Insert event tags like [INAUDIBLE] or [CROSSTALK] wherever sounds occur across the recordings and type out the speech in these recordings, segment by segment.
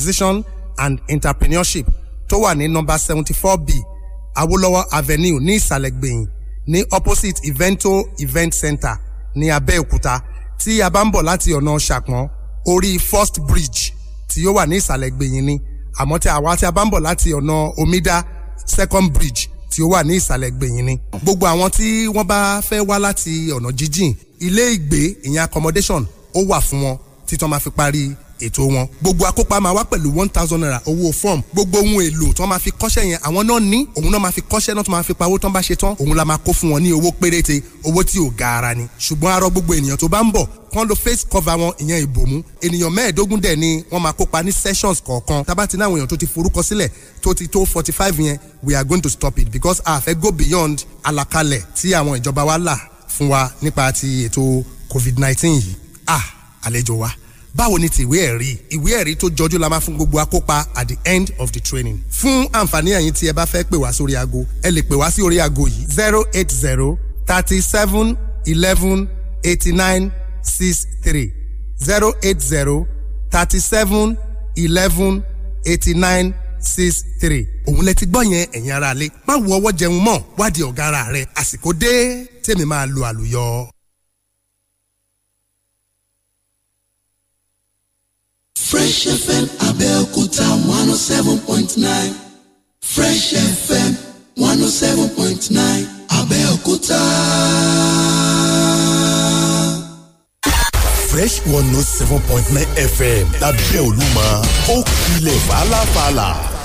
Organization and Entrepreneurship tó wà ní nọ́mbà seventy four B Awolowo Avenue ní ìsàlẹ̀ gbẹ̀yìn ní opposite Evento Event Center ní Abẹ́òkúta tí a bá ń bọ̀ láti ọ̀nà Ṣàpọ̀n orí First Bridge tí yóò wà ní ìsàlẹ̀ gbẹ̀yìn ni àmọ́ tí àwa tí a bá ń bọ̀ láti ọ̀nà Omida Second Bridge tí ó wà ní ìsàlẹ̀ gbẹ̀yìn ni. gbogbo àwọn tí wọ́n bá fẹ́ wá láti ọ̀nà jíjìn ilé ìgbé ìyẹn accommodation ó wà fún wọn títí wọ́n máa fi parí ètò wọn gbogbo akópa máa wá pẹ̀lú one thousand naira owó form gbogbo ohun èlò tí wọ́n máa fi kọ́ṣẹ́ yẹn àwọn náà ní òun náà máa fi kọ́ṣẹ́ náà tó máa fi pawó tán bá ṣe tán òun la máa kó fún wọn ní owó péréte owó tí ò gaara ni ṣùgbọ́n arọ gbogbo ènìyàn tó bá ń bọ̀ kán lo face cover wọn ìyẹn ìbòmú ènìyàn mẹ́ẹ̀ẹ́dógún dẹ̀ ni wọ́n máa kópa ní sessions kọ̀ọ̀kan tá bá ti èèyàn tó ti forúkọ sílẹ̀ tó ti tó forty five yẹn we are going to stop it because a fẹ́ go beyond àlàkalẹ̀ tí àwọn ìjọba wa là fún wa nípa ti ètò covid nineteen yìí ah àlejò wa báwo ni ti ìwé ẹ̀rí ìwé ẹ̀rí tó jọjú la máa fún gbogbo akópa at the end of the training fún àǹfààní ẹ̀yin tí ẹ bá fẹ́ pè wá sórí aago ẹ lè pè wá sí orí aago yìí zero eight zero thirty seven eleven eighty nine six three zero eight zero thirty seven eleven eighty nine six three. òun lẹ ti gbọ́ yẹn ẹ̀yin aráalé má wo ọwọ́ jẹun mọ́ wádìí ọ̀gá ara rẹ̀ àsìkò dé tèmi máa lo àlùyọ. Fresh FM Abẹ́òkúta one oh Fresh FM 107.9, oh seven Fresh 107.9 oh seven point nine FM oh oh lábẹ́ Olúmọ fala. kilẹ̀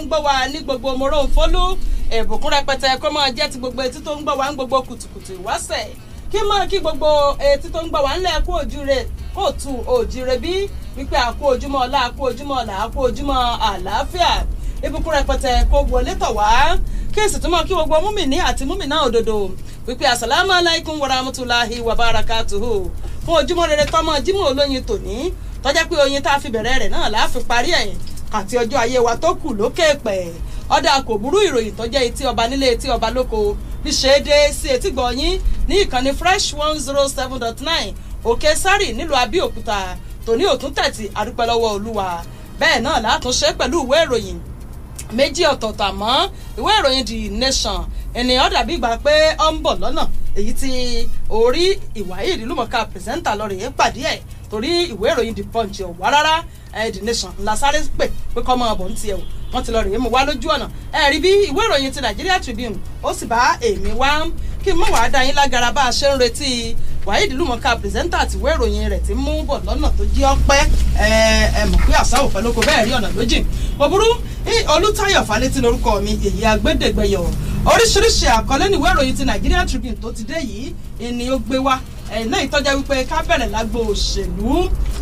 ń gbọ́ wa ní gbogbo Mòrónfolú ẹ̀bùkún rẹpẹtẹ kó máa jẹ́ ti gbogbo etí tó ń gbọ́ wa ń gbogbo kùtùkùtù ìwásẹ̀ kí máa kí gbogbo etí tó ń gbọ́ wa ńlẹ̀ kú òjúre kó tu òjúre bí wípé àkú ojúmọ́ ọlá àkú ojúmọ́ ọlá àkú ojúmọ́ àlàáfíà ìbùkún rẹpẹtẹ kó wọlé tọ̀ wá kí èsì túmọ̀ kí gbogbo múmìnì àti múmìnà òdodo wípé àsàlámù aláìkún warahmatulahi wabarakatuhu fún ojúmọ́ rere tọ́mọ jímọ̀ olóyin tòní tọ́já pé oyin tá a fi bẹ̀rẹ̀ rẹ̀ náà láàfin parí ẹ̀yìn àti ọjọ́ ayé wa tó kù lókè pẹ̀ ọ̀dà kò burú ìròyìn tó jẹ́ etí ọba nílé etí ọba lóko ní ṣéédé sí etí gbọ̀nyín ní ìkànnì fresh one zero seven dot nine òkè sárì nílùú abẹ́òkúta tòní òtún tẹ̀tì àdúpẹ́ lọ́wọ́ olúwa bẹ́ẹ̀ náà látúnṣe pẹ̀lú ìwé ìròyìn méjì ọ̀tọ̀ọ̀tọ̀ àmọ́ ìwé ìròyìn the nation ènìyàn dàbí ìgbà pé ó ń bọ̀ lọ́nà èyí tí orí ìwáyé ìdílùmọ̀ká pẹ̀sẹ́ńtà lọ́rẹ̀ yẹn pàdé ẹ̀ torí ìwé ìròyìn the punch ọ̀wá rárá the nation ńlá sáré pè pé kọ́ máa bọ̀ ń tiẹ̀ o wọ́n ti lọ rèé mu wá lójú ọ̀nà ẹ̀rí bí ìwé ìròyìn ti Nigeria Tribune ó sì bá èmi wá kí n mọ̀ wá dá yín lágara bá a ṣe ń retí Waheed Lumọka pírẹsẹ́ńtà àti ìwé ìròyìn rẹ̀ ti mú bọ̀ lọ́nà tó jí ọpẹ́ ẹ mọ̀ pé àṣà òfẹ́ lóko bẹ́ẹ̀ rí ọ̀nà lójìn òbúrú Olútáyọ̀ Fálétí lórúkọ mi èyí agbẹ́dẹ́gbẹ́yọ̀ oríṣiríṣi àkọlé níwé ìròyìn ti Nigeria Tribune tó ti dé yìí ni ó gbé wá Eh, náà ìtọ́jà wípé ká bẹ̀rẹ̀ lágbo òṣèlú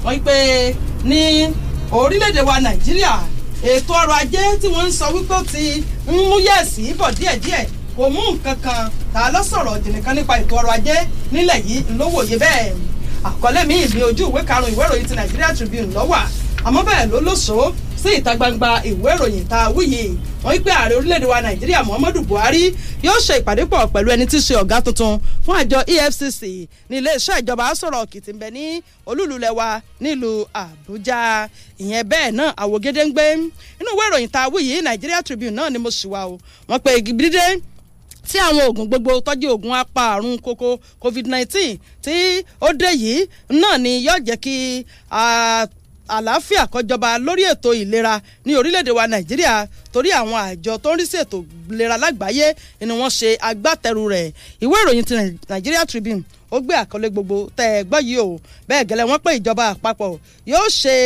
wọ́n wípé ní orílẹ̀-èdè wa nàìjíríà ètò ọrọ̀ ajé tí wọ́n ń sọ wípé ó ti ń mú yẹ̀sì bọ̀ díẹ̀díẹ̀ kò mú nǹkan kan tá a lọ sọ̀rọ̀ jìnnìkan nípa ètò ọrọ̀ ajé nílẹ̀ yìí ńlọ́wọ́ye bẹ́ẹ̀ àkọlé mi ìlú ojú ìwé karùn-ún ìwé ìròyìn ti Nigeria Tribune ló wà àmọ́ bẹ́ẹ̀ ló lóṣòó sí ìta gbangba ìwé ìròyìn tá a wí yìí wọ́n wí pé ààrẹ orílẹ̀-èdè wa nàìjíríà muhammadu buhari yóò ṣe ìpàdé pọ̀ pẹ̀lú ẹni tí í ṣe ọ̀gá tuntun fún àjọ efcc ní iléeṣẹ́ ìjọba sọ̀rọ̀ kìtì ń bẹ ní olúlulẹ̀ wa nílùú àbújá ìyẹn bẹ́ẹ̀ náà àwògede ń gbé inú ìwé ìròyìn tá a wí yìí nigeria tribune náà ni mo ṣì wà o wọ́n pe gbídé tí àwọn oògùn gbogbo tọ́jú oògùn apá àrùn kòkó covid nineteen tí ó dé yìí náà ni yóò jẹ́ kí àlàáfíà kọjọba lórí ètò ìlera ní orílẹ̀-èdè wa nàìjíríà torí àwọn àjọ tó ń rí sí ètò ìlera lágbàáyé ni wọ́n ṣe agbátẹrù rẹ̀ ìwé ìròyìn ti Nigeria Tribune ó gbé àkọlé gbogbo tẹ ẹ gbọ́ yìí o bẹ́ẹ̀ gẹ́lẹ́ wọ́n pé ìjọba àpapọ̀ yóò ṣe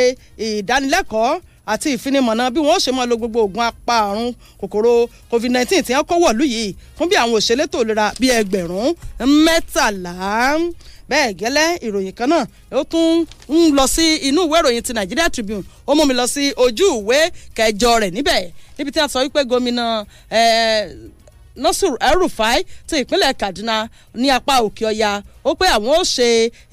ìdánilẹ́kọ̀ọ́ àti ìfinimọ̀nà bí wọ́n ṣe máa lo gbogbo oògùn apá àrùn kòkòrò covid-19 tí wọ́n kó yìí fún bí àwọn òṣèlétò ìlera bíi ẹgbẹ̀rún mẹ́tàlá bẹ́ẹ̀ gẹ́lẹ́ ìròyìn kan náà ó tún ń lọ sí inú ìwé ìròyìn ti Nigeria Tribune ó mú mi lọ sí ojú ìwé kẹjọ rẹ̀ níbẹ̀ níbi tí a sọ wípé gómìnà nasir el-rufai ti ìpínlẹ̀ kaduna ní apá òkè ọya ó pé àwọn ó ṣe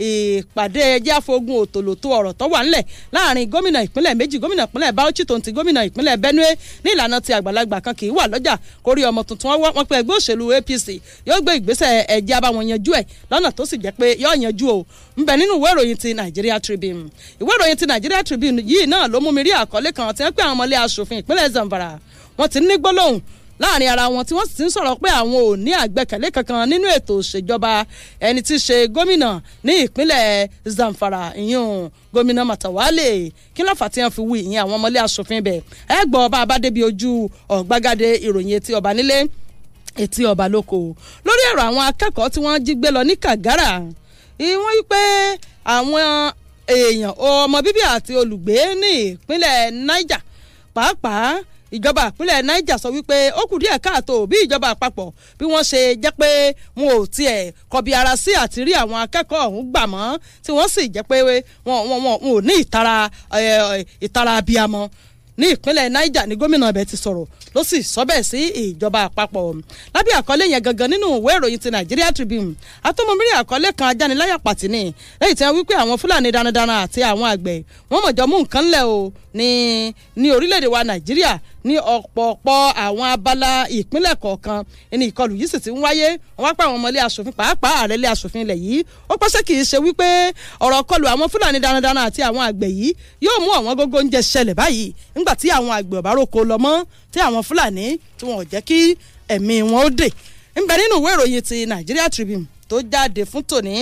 ìpàdé ẹjẹ́ àfogun òtòlò tó ọ̀rọ̀ tó wà ńlẹ̀ láàrin gómìnà ìpínlẹ̀ méjì gómìnà ìpínlẹ̀ bauchi tó ń ti gómìnà ìpínlẹ̀ benue ní ìlànà ti àgbàlagbà kan kì í wà lọ́jà kó rí ọmọ tuntun wọn pé ẹgbẹ́ òṣèlú apc yóò gbé ìgbésẹ̀ ẹjẹ́ abáwọn yanjú ẹ̀ lọ́nà tó sì jẹ́ pé yóò yanjú o ń bẹ nínú ìwé ìròyìn ti nigeria tribune ìwé ìròyìn ti nigeria tribune yìí náà ló mú mi rí àkọlé kan tí wọ́n pè àwọn ọmọlé asòfin ìpínlẹ̀ zamfara wọ́n ti ní gbólóhùn láàrin ara wọn tí wọ́n sì ti ń sọ̀rọ̀ pé àwọn ò ní àgbẹ̀kẹ̀lé kankan nínú ètò òṣèjọba ẹni tí í ṣe gómìnà ní ìpínlẹ̀ Zamfara ìyún gómìnà Matawalle kí ló fà tí wọ́n fi wí ìyẹn àwọn ọmọlé aṣòfin bẹ̀ ẹ gbọ́ ọba abádébi ojú ọ̀gbágádé ìròyìn etí ọba nílé etí ọba lóko lórí ẹ̀rọ àwọn akẹ́kọ̀ọ́ tí wọ́n jí gbé lọ ní Kàgárà wọ́n wí pé àwọn èèyàn ọmọ bíbí àti olùgbé ní ìpínlẹ̀ Niger pàápàá ìjọba àpínlẹ̀ niger sọ wípé ó kù díẹ̀ káàtó bí ìjọba àpapọ̀ bí wọ́n ṣe jẹ́ pé wọn ò tiẹ̀ kọbi ara sí àti rí àwọn akẹ́kọ̀ọ́ ọ̀hún gbà mọ́ tí wọ́n sì jẹ́ pé wọn ò ní ìtara ìtara abiyamọ ní ìpínlẹ̀ niger ni gómìnà ibẹ̀ ti sọ̀rọ̀ ló sì sọ bẹ́ẹ̀ sí ìjọba àpapọ̀ lábẹ́ àkọlé yẹn gangan nínú ìwé ìròyìn ti Nigeria Tribune atọ́mọmírí àkọlé kan ajániláyà pàtínì lẹ́yìn tí wọ́n wí pé àwọn Fúlàní darandaran àti àwọn àgbẹ̀ wọ́n mọ̀jọ́ mú nǹkan lẹ̀ o ní ní orílẹ̀-èdè wa Nàìjíríà ní ọ̀pọ̀pọ̀ àwọn abala ìpínlẹ̀ kọ̀ọ̀kan ẹni ìkọlù yìí sì ti ń wáyé wọn wá pa àwọn ọmọlé asòfin pàápàá ààrẹ ilé asòfin ilẹ̀ yìí ó pàṣẹ kì í ṣe wípé ọ̀rọ̀ kọlù àwọn fúlàní darandaran àti àwọn àgbẹ̀ yìí yóò mú ọ̀wọ́n gógó oúnjẹ ṣẹlẹ̀ báyìí nígbà tí àwọn àgbẹ̀ ọ̀bá roko lọ mọ́ tí àwọn fúlàní tí wọn ò jẹ́ kí ẹ̀mí wọn ó dè ń bẹ nínú ìwé ìròyìn ti Nigeria Tribune tó jáde fún tòní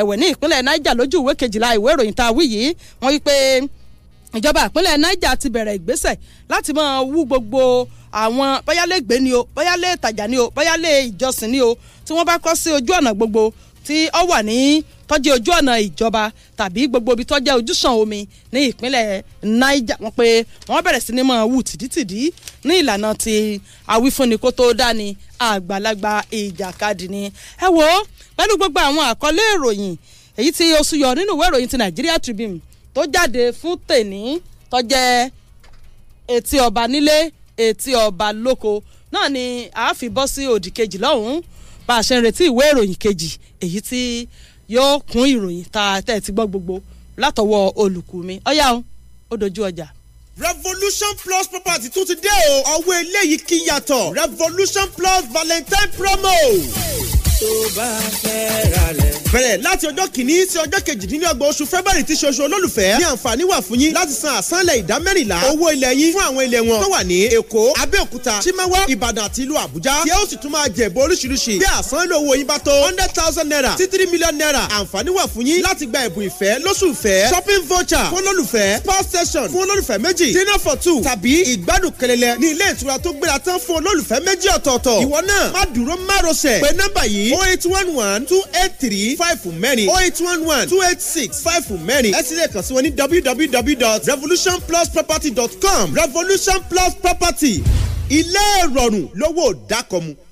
ẹ̀wẹ̀ ní ìpínlẹ̀ Niger lójú ìwé kejìlá ìwé ìròyìn tá a wí yìí wọ́n wí pé ìjọba ìpínlẹ̀ Niger ti bẹ̀rẹ̀ ìgbésẹ̀ láti máa wú gbogbo àwọn báyálẹ̀gbẹ́ ni o báyálẹ̀ ìtajà ni o báyálẹ̀ ìjọsìn ni o tí wọ́n bá kọ́ sí ojú ọ̀nà gbogbo tí ó wà ní tọ́jú ojú ọ̀nà ìjọba tàbí gbogbo ibi tọ́jú ojúsàn omi ní ìpínlẹ̀ Niger wọ́n pé wọ́n bẹ̀rẹ̀ sí ni mọ̀ wù tìdítìdí ní ìlànà ti awífúnni kó tó dání àgbàlagbà ìjàkadì ni ẹ wo pẹ̀lú gbogbo àwọn àkọlé ìròyìn èyí tí oṣù yọ nínú ìwé ìròyìn ti Nigeria Tribune tó jáde fún tèní tọ́jẹ́ etí ọba nílé etí ọba lóko náà ni àáfi bọ́ sí òdì kejì lọ́hùn-ún bá a ṣe ń retí ìwé ìròyìn kejì èyí tí yóò kún ìròyìn tá a tẹ̀ ti gbọ́ gbogbo látọwọ́ olùkú mi ọ̀yá ó dojú ọjà revolution plus property tún ti dé o ọwọ́ eléyìí kì yàtọ̀ revolution plus valentine promo. Hey tó bá fẹ́ ra lẹ̀. bẹ̀rẹ̀ láti ọjọ́ kìíní sí ọjọ́ kejìdínlọ́gbọ̀n oṣù fẹ́bẹ̀rì tí ṣoṣo olólùfẹ́ ní àǹfààní wà fún yín láti san àsánlẹ̀ ìdá mẹ́rìnlá owó ilẹ̀ yín fún àwọn ilẹ̀ wọn tó wà ní èkó abẹ́òkúta chimawa ìbàdàn àti ìlú àbújá tí ó sì tún máa jẹ̀bọ oríṣiríṣi bí àsánlò owó yín bá tó hundred thousand naira sí three million naira àǹfààní wà fún yín láti gba ẹ̀bùn ìfẹ́ lóṣù ìfẹ́ shopping voucher fún olólùfẹ́ power station fún olólùfẹ́ méjì dinner for two tàbí ìgbádùn kelele ní ilé ìtura tó gbéra tán fún olólùfẹ́ méjì ọ̀tọ̀ọ̀tọ̀ ìwọ náà three oh eight one one two eight three five fún mẹ́rin oh eight one one two eight six five fún mẹ́rin ẹ sì lè kàn sí wọn ní www.revolutionplusproperty.com revolution plus property ilé ìrọ̀rùn lówó dákọ̀mu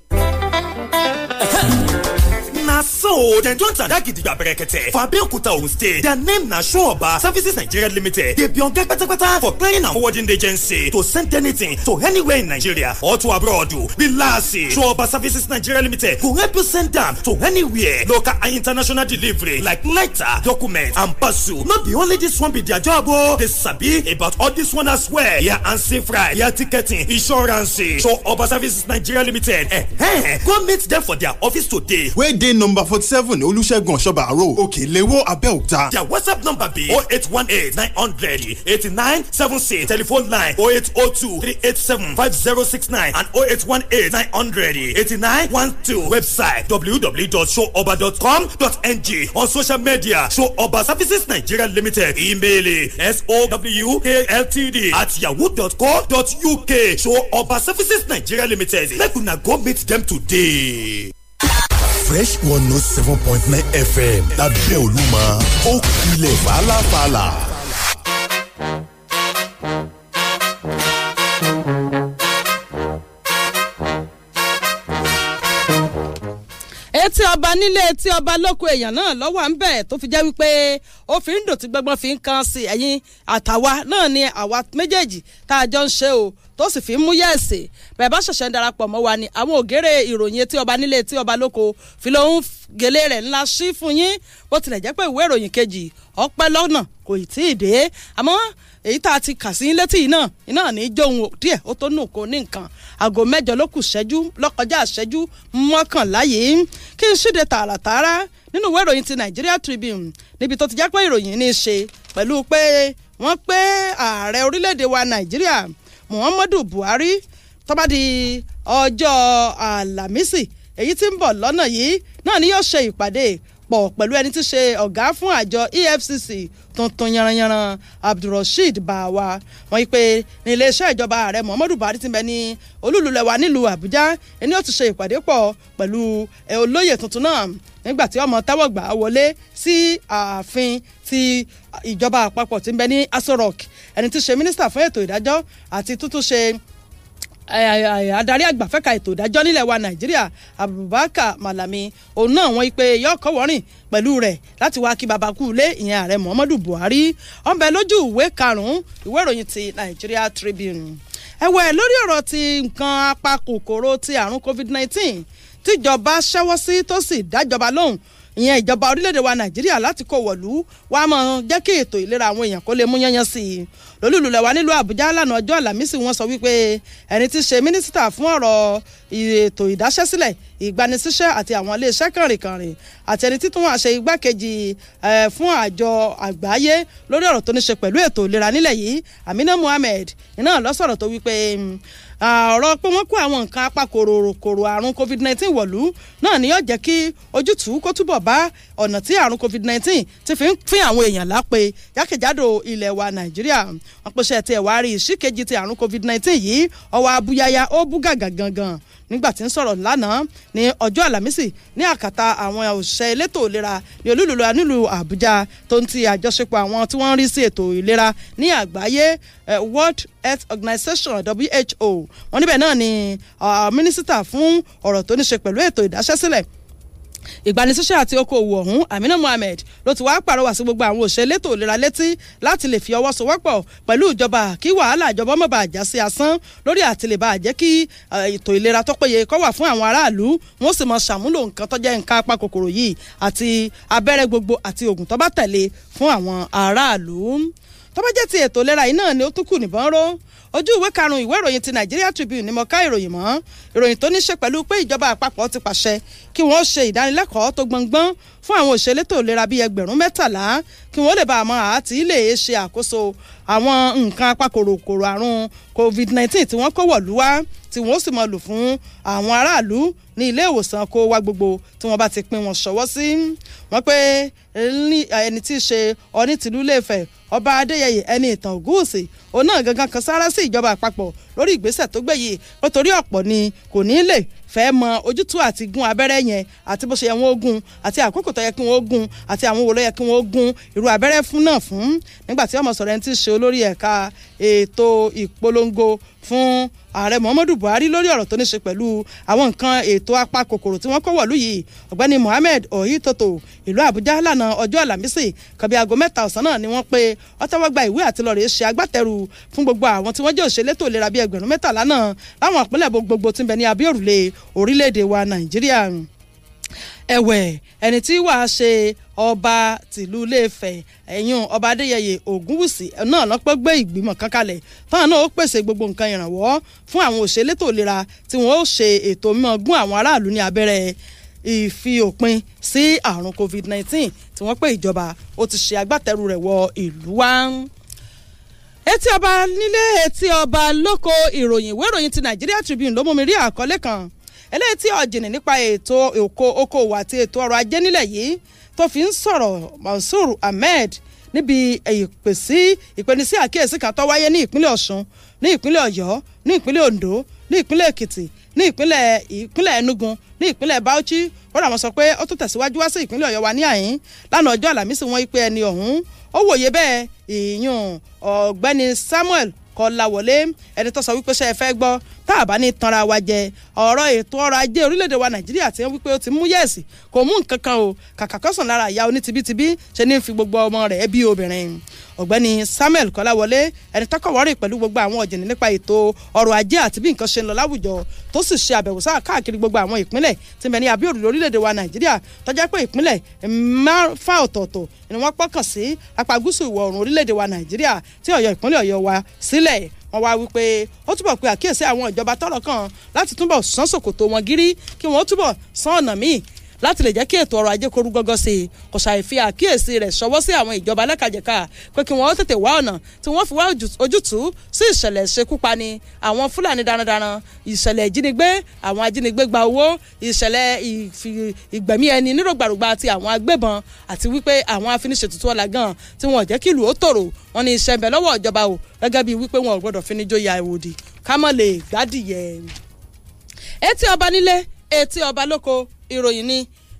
san o dem don tanda gidigba bẹ̀rẹ̀kẹ̀tẹ̀ for abeokuta ogun state their name na sunoba services nigeria limited dey be oga kpatakpata for clearing and forwarding agency to send anything to anywhere in nigeria or to abroad relax sunoba services nigeria limited go help you send am to anywhere local and international delivery like letter document and parcel no be only this one be their job o oh. dey sabi about all this one as well here and fry here ticketing insurance sunoba services nigeria limited eh, eh, eh, go meet them for their office today wey dey number. Number forty seven olùṣègùn ọ̀ṣọ́bà àrò òkèléwó abẹ́òkúta. their whatsapp number be oh eight one eight nine hundred eighty nine seven six telephone line oh eight oh two three eight seven five zero six nine and oh eight one eight nine hundred eighty nine one two website www.showoba.com.ng on social media showoba services nigeria limited email sowkltd at yahoo.co.uk showoba services nigeria limited make una go meet dem today. Fresh one note oh seven point nine FM lábẹ́ Olúmọ ó kulẹ̀ fàlàfàlà. etí ọba nílé etí ọba lóko èèyàn náà lọ́wọ́ à ń bẹ̀ tó fi jẹ́ wípé ó fi ń dòtí gbọ́ngbọ́n fi ń kan sí ẹ̀yìn àtàwa náà ni àwa méjèèjì tá a jọ ń ṣe o tó sì fi ń mú yẹ̀ẹ̀sì bẹ́ẹ̀ bá ṣẹ̀ṣẹ̀ ń darapọ̀ mọ́ wa ni àwọn ògèrè ìròyìn etí ọba nílé etí ọba lóko fi ló ń gèlè rẹ̀ ńlá sí fún yín bó tilẹ̀ jẹ́ pé ìwé ìròyìn kejì ọpẹ́ lọ́nà kò tí ì dé àmọ́ èyí tá a ti kà sí létí iná iná ní í jóun díẹ̀ ó tó nù kó ní nǹkan aago mẹ́jọ ló kù ṣẹ́jú lọ́kọjá ṣẹ́jú mọ́kànlá yìí kí n ṣíde tààràtààrà nínú ìwé ìròyìn ti Nigeria Tribune níbi tó ti jẹ́ pé ìròyìn ní í ṣe pẹ̀lú pé wọ́n pé ààrẹ orílẹ̀-èdè wa Nàìjíríà Muhammadu Buhari tó di ọjọ́ Àlàmísì èyí tí ń bọ̀ lọ́nà yìí náà ni yóò ṣe ìpàdé pọ̀ pẹ̀lú ẹni tí ṣe ọ̀gá fún àjọ EFCC tuntun yanranyanran Abdulrasheed Bawa wọ́n yí pé ní iléeṣẹ́ ìjọba ààrẹ Muhammadu Buhari ti bẹ ní olúlulẹ̀ wa nílùú Àbújá ẹni ó ti ṣe ìpàdé pọ̀ pẹ̀lú olóyè tuntun náà nígbà tí ọmọ táwọ̀ gbà wọlé sí ààfin ti ìjọba àpapọ̀ ti bẹ ní Aso Rock ẹni tí ṣe mínísítà fún ètò ìdájọ́ àti tútúnṣe adarí àgbà fẹ́ka ètò ìdájọ́ nílẹ̀ wa nàìjíríà abubakar malami òun náà wọ́n pe yọkọ̀ wọ́rìn pẹ̀lú rẹ̀ láti wá kí baba kú ìyẹn ààrẹ muhammadu buhari ọ̀nbẹ lójú ìwé karùn-ún ìwé ìròyìn ti nigeria tribune. ẹ̀wẹ̀ lórí ọ̀rọ̀ ti nǹkan apakòkòrò ti àrùn covid-19 tíjọba ṣẹ́wọ́ sí tó sì dájọba lóhùn ìyẹn ìjọba orílẹ̀-èdè wa nàìjíríà láti kó wọ̀lú wa máa jẹ́ kí ètò ìlera àwọn èèyàn kó lè mú yányán sí i lólùlù lẹ̀ wá nílùú àbújá lánàá ọjọ́ àlàmísì wọn sọ wípé ẹni tí ṣe mínísítà fún ọ̀rọ̀ ètò ìdáṣẹ́sílẹ̀ ìgbanisíṣẹ́ àti àwọn iléeṣẹ́ kànrìnkànrìn àti ẹni títún wọn àṣẹ igbákejì fún àjọ àgbáyé lórí ọ̀rọ̀ tó ní ṣe pẹ̀lú ètò ìlera nílẹ̀ yìí amina muhammed iná lọ́sọ̀rọ̀ tó wípé ọ̀rọ̀ pé wọ́n kó àwọn nǹkan apakòròkòrò àrùn covid-19 wọ̀lú náà ni yóò jẹ́ kí ojútùú kó túbọ̀ bá ọ̀nà tí àrùn covid-19 ti fi ń fín àwọn èèyàn lápè jákèjádò ilẹ̀ wa nàìjíríà wọn pèsè tiẹ̀ wá rí ìṣìkejì ti àrùn covid-19 yìí ọwọ́ abuyaya ó bú gàgà gangan nígbà tí ń sọ̀rọ̀ lánàá ní ọjọ́ àlàmísì ní àkàtà àwọn òṣìṣẹ́ elétò ìlera ní olúlùlù nílùú àbújá tó ń ti àjọṣepọ̀ àwọn tí wọ́n ń rí sí ètò ìlera ní àgbáyé world health organization who wọ́n níbẹ̀ náà ni mínísítà fún ọ̀rọ̀ tó ní ṣe pẹ̀lú ètò ìdáṣẹ́sílẹ̀ ìgbanisíṣẹ́ àti okòwò ọ̀hún amina mohammed ló ti wáá pàrọwà sí gbogbo àwọn òṣèré elétò ìlera létí láti lè fi ọwọ́ sowọ́pọ̀ pẹ̀lú ìjọba kí wàhálà ìjọba má bàa já sí asán lórí àtìlẹ́bà jẹ́ kí ètò ìlera tó péye kó wà fún àwọn aráàlú wọn sì mọ ṣàmúlò nǹkan tó jẹ́ nǹkan apakòkòrò yìí àti abẹ́rẹ́ gbogbo àti oògùn tó bá tẹ̀lé fún àwọn aráàlú tó bá jẹ́ ti ètò ìlera yìí náà ni ó tún kù níbọn ró ojú ìwé karùnún ìwé ìròyìn ti Nigeria Tribune ni mo ká ìròyìn mọ́ ìròyìn tó ní ṣe pẹ̀lú pé ìjọba àpapọ̀ ti pàṣẹ kí wọ́n ṣe ìdánilẹ́kọ̀ọ́ tó gbọngbọ́n fún àwọn òṣèlú tó lera bíi ẹgbẹ̀rún mẹ́tàlá kí wọ́n lè bá àmọ́ àti ilé ṣe àkóso àwọn nǹkan apakòròkòrò àrùn COVID-19 tí wọ́n kó wọ̀lú wá tí wọ́n sì máa lò fún àwọn aráàlú ní ilé ìwòsàn kó wá gbogbo tí wọ́n bá ti pín wọn ṣọwọ́ sí. wọ́n pé ẹni tí í ṣe ọ̀nìtìlú ọba adéyẹyẹ ẹni ìtàn gúúsì òun náà gangan kan sára sí ìjọba àpapọ̀ lórí ìgbésẹ̀ tó gbé yìí nítorí ọ̀pọ̀ ni kò ní lè fẹ́ mọ ojútùú àti gun abẹ́rẹ́ yẹn àti bó ṣe yẹ wọ́n gun àti àkókò tó yẹ kí wọ́n gun àti àwọn wo ló yẹ kí wọ́n gun irú abẹ́rẹ́ fún náà fún nígbà tí ọmọ sọ̀rọ̀ ẹni tí ń ṣe olórí ẹ̀ka ètò ìpolongo fún ààrẹ muhammadu buhari lórí ọ̀rọ̀ tó ní ṣe pẹ̀lú àwọn nǹkan ètò apakòkòrò tí wọ́n kó wọ̀lú yìí ọ̀gbẹ́ni mohammed ohitoto ìlú àbújá lánàá ọjọ́ àlàmísì kan bí aago mẹ́ta ọ̀sán náà ni wọ́n pe ọ̀tẹ́wọ́gba ìwé àti lọ́ọ̀rẹ́ ṣe agbátẹrù fún gbogbo àwọn tí wọ́n jẹ́ òṣèlè tó lera bíi ẹgbẹ̀rún mẹ́tàlá náà láwọn ìpínlẹ̀ wa nàìjíríà ẹ̀wẹ̀ ẹni tí ọba tìlú iléèfẹ̀ ẹ̀yìn ọba adéyẹyẹ ògúnwùsì náà lọ́pọ̀ gbé ìgbìmọ̀ kan kalẹ̀ fáwọn náà ó pèsè gbogbo nǹkan ìrànwọ́ fún àwọn òṣèlétò ìlera tí wọ́n ó ṣe ètò mímọ́ gún àwọn aráàlú ní abẹ́rẹ́ ìfi òpin sí àrùn covid-19 tí wọ́n pé ìjọba ó ti ṣe agbátẹrù rẹ̀ wọ ìlú wa etí ọba nílé etí ọba lóko ìròyìn ìwé ìròyìn ti Nigeria Tribune ló mú mi rí àkọlé kan eléyìí tí ọ̀jìnì nípa ètò òkòwò àti ètò ọrọ̀ ajé nílẹ̀ yìí tó fi ń sọ̀rọ̀ Mansour Ahmed níbi ìpèsè ìpènisí àkíyèsí kan tó wáyé ní ìpínlẹ̀ Ọ̀ṣun ní ìpínlẹ̀ Ọ̀yọ́ ní ìpínlẹ̀ Ondo ní ìpínlẹ̀ Èkìtì ní ìpínlẹ̀ ìpínlẹ̀ Enugu ní ìpínlẹ̀ Bauchi wọ́n rà wọ́n sọ pé ó tún tẹ̀síwájú wá sí ìpínlẹ̀ Ọ̀yọ́ wa ní àyín lánàá ọjọ́ Àlàmísì wọ́n ipe ẹni ọ̀hún ó wòye bẹ́ẹ̀ ìyún ọ̀gbẹ́ni Samuel kọ́láwọlé ẹni tó sọ wípé ṣe é fẹ́ gbọ́ tá a bá ní tanra wa jẹ ọ̀rọ̀ ètò ọrọ̀ ajé orílẹ̀-èdè wa nàìjíríà ti ń wípé ó ti mú yẹ̀sì kò mú nǹkan o kàkà kọ́sàn lára ìyá oní tibítibí ṣe ní fi gbogbo ọmọ rẹ̀ bí obìnrin ọ̀gbẹ́ni samuel kọ́láwọlé ẹni tọkọ̀wọ́rì pẹ̀lú gbogbo àwọn ọ̀jìnì nípa ètò ọrọ̀ ajé àti bí nǹkan ṣe ń lọ láwùjọ tó sì ṣe àbẹ̀wò sáà káàkiri gbogbo àwọn ìpínlẹ̀ tí mẹ́ni abíòrù lórílẹ̀‐èdè wa nàìjíríà tó jẹ́ pé ìpínlẹ̀ mẹ́fà ọ̀tọ̀ọ̀tọ̀ ni wọ́n pọ́kàn sí apá gúúsù ìwọ̀ oòrùn orílẹ̀‐èdè wa nàìjíríà tí ọ̀yọ́ ìpínlẹ̀ ọ̀yọ́ wa sílẹ̀ wọ́n wá wípé ó túbọ̀ pe àkíyèsí àwọn ìjọba tọ́rọ̀ kan láti túbọ̀ sán ṣòkòtò wọn gírí kí wọ́n túbọ̀ sán ọ̀nà míì láti lè jẹ́ kí ètò ọrọ̀ ajé korú gọ́gọ́ sí i kò ṣàì àkíyèsí rẹ̀ ṣọwọ́ sí àwọn ìjọba lẹ́kàjẹ̀ka pé kí wọ́n tètè wá ọ̀nà tí wọ́n fi wá ojútùú sí ìṣẹ̀lẹ̀ ìṣekúpani àwọn Fúlàní darandaran ìṣẹ̀lẹ̀ ìjínigbé àwọn ajínigbé gba owó ìṣẹ̀lẹ̀ ìgbẹ̀mí ẹni nírògbàrògbà àti àwọn agbébọn àti wípé àwọn afiniṣètùtù ọ̀la gan tí wọ́n jẹ́ kí ìlú ó tòrò wọn ní iṣẹ́ bẹ̀ lọ́wọ́ ìjọba o gẹ́gẹ́ bíi wípé wọn ò gbọ́dọ̀ finijóyà ìwòdì ká mọ̀ lè gbádìyẹ. etí ọba nílé etí ọba lóko ìròyìn ni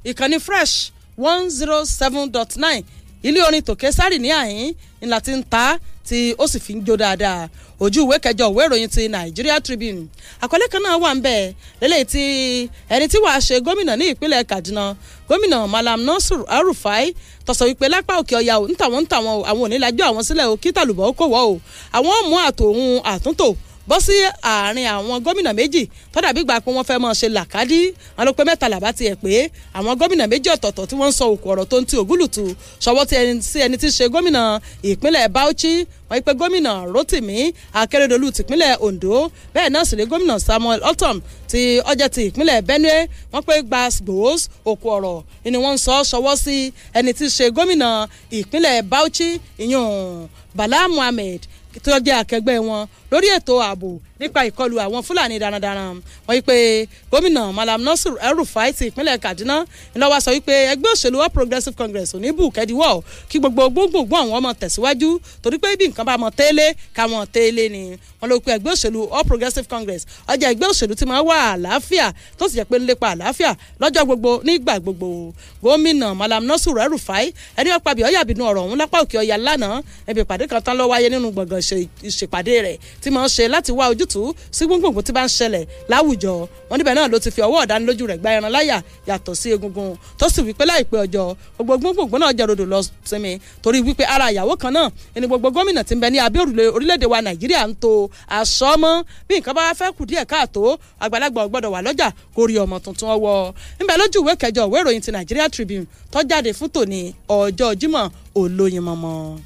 ìkànnì fresh one zero oh seven dot nine ilé orin tòkè sárì ní àhín ni láti ń ta tí ó sì fi ń jó dáadáa ojú ìwé kẹjọ ìwé ìròyìn ti Nigeria Tribune àkọlé kan náà wà ń bẹ lélẹ́yìí tí ẹni tí wàá ṣe gómìnà ní ìpínlẹ̀ Kaduna gómìnà Malam Nasir Arufai tọ̀sọ wípé lápá òkè ọ̀yà ntàwọn ntàwọn àwọn onílàjọ àwọn sílẹ̀ o kí tàlùbọ̀ ó kò wọ́ o àwọn ò mú àtòhun àtúntò bọ́ sí àárín àwọn gómìnà méjì tọ́dà bí gbà pé wọ́n fẹ́ máa ṣe làkàdí wọn ló pé mẹ́tàlá bá tiẹ̀ pé àwọn gómìnà méjì ọ̀tọ̀ọ̀tọ̀ tí wọ́n ń sọ òkú ọ̀rọ̀ tó ń ti ògúlùtù ṣọwọ́ sí ẹni tí ń ṣe gómìnà ìpínlẹ̀ Bauchi wọ́n pe gómìnà Rotimi Akérédolú tìpínlẹ̀ Ondo bẹ́ẹ̀ náà sì rí gómìnà Samuel Otom ti ọjà ti ìpínlẹ̀ Benue wọ́n pe gbas gbòós òkú ọ̀rọ̀ ni wọ́n ń sọ ṣọwọ́ sí ẹni tí ń ṣe gómìnà ìpínlẹ̀ Bauchi ìyún Bala Muhammed tí wọ́n jẹ́ akẹgbẹ́ wọn lórí ètò ààbò nípa ìkọlù àwọn fúlàní darandaran wọ́n yí pé gómìnà malam nasir el-rufai ti ìpínlẹ̀ kaduna ńlọ́wọ́ sọ wípé ẹgbẹ́ òṣèlú all progressives congress ò ní bù kẹ́díwọ́ kí gbogbo gbogbogbò àwọn ọmọ tẹ̀síwájú torí pé bí nǹkan bá mọ tẹ́lẹ̀ káwọn tẹ́lẹ̀ ni wọ́n ló pe ẹgbẹ́ òṣèlú all progressives congress ọjà ẹgbẹ́ òṣèlú ti máa wà àlàáfíà tó sì jẹ́ pé ńlépa àlàáfíà lọ́jọ́ gbogbo nígbà gbogbo gómìnà malam nasir el-rufai ẹni ọ̀pá bí ọ̀yà bínú ọ̀rọ̀ ọ̀hún tí máa ń ṣe láti wá ojútùú sí gbóngbòngbò tí bá ń ṣẹlẹ̀ láwùjọ wọn níbẹ̀ náà ló ti fi ọwọ́ ọ̀dánilójú rẹ̀ gba ẹran láyà yàtọ̀ sí egungun tó sì wípé láìpẹ́ ọjọ́ gbogbo gbóngbòngbò náà jẹ́rọ̀dọ̀ lọ sinmi torí wípé ara ìyàwó kan náà ẹni gbogbo gómìnà ti ń bẹ ní abẹ́ òrùlé orílẹ̀-èdè wa nàìjíríà ń to aṣọ mọ́ bí nǹkan bá fẹ́ kù díẹ̀ káàtó àgbàlagbà ọgbọ́dọ̀ wà lọ́jà kó rí ọmọ tuntun ọwọ́ ńbẹ lójú ìwé kẹjọ ìwé ìròyìn ti Nigeria Tribune tó jáde fún tòní ọjọ́ Jímọ̀ olóyin mọ́mọ́.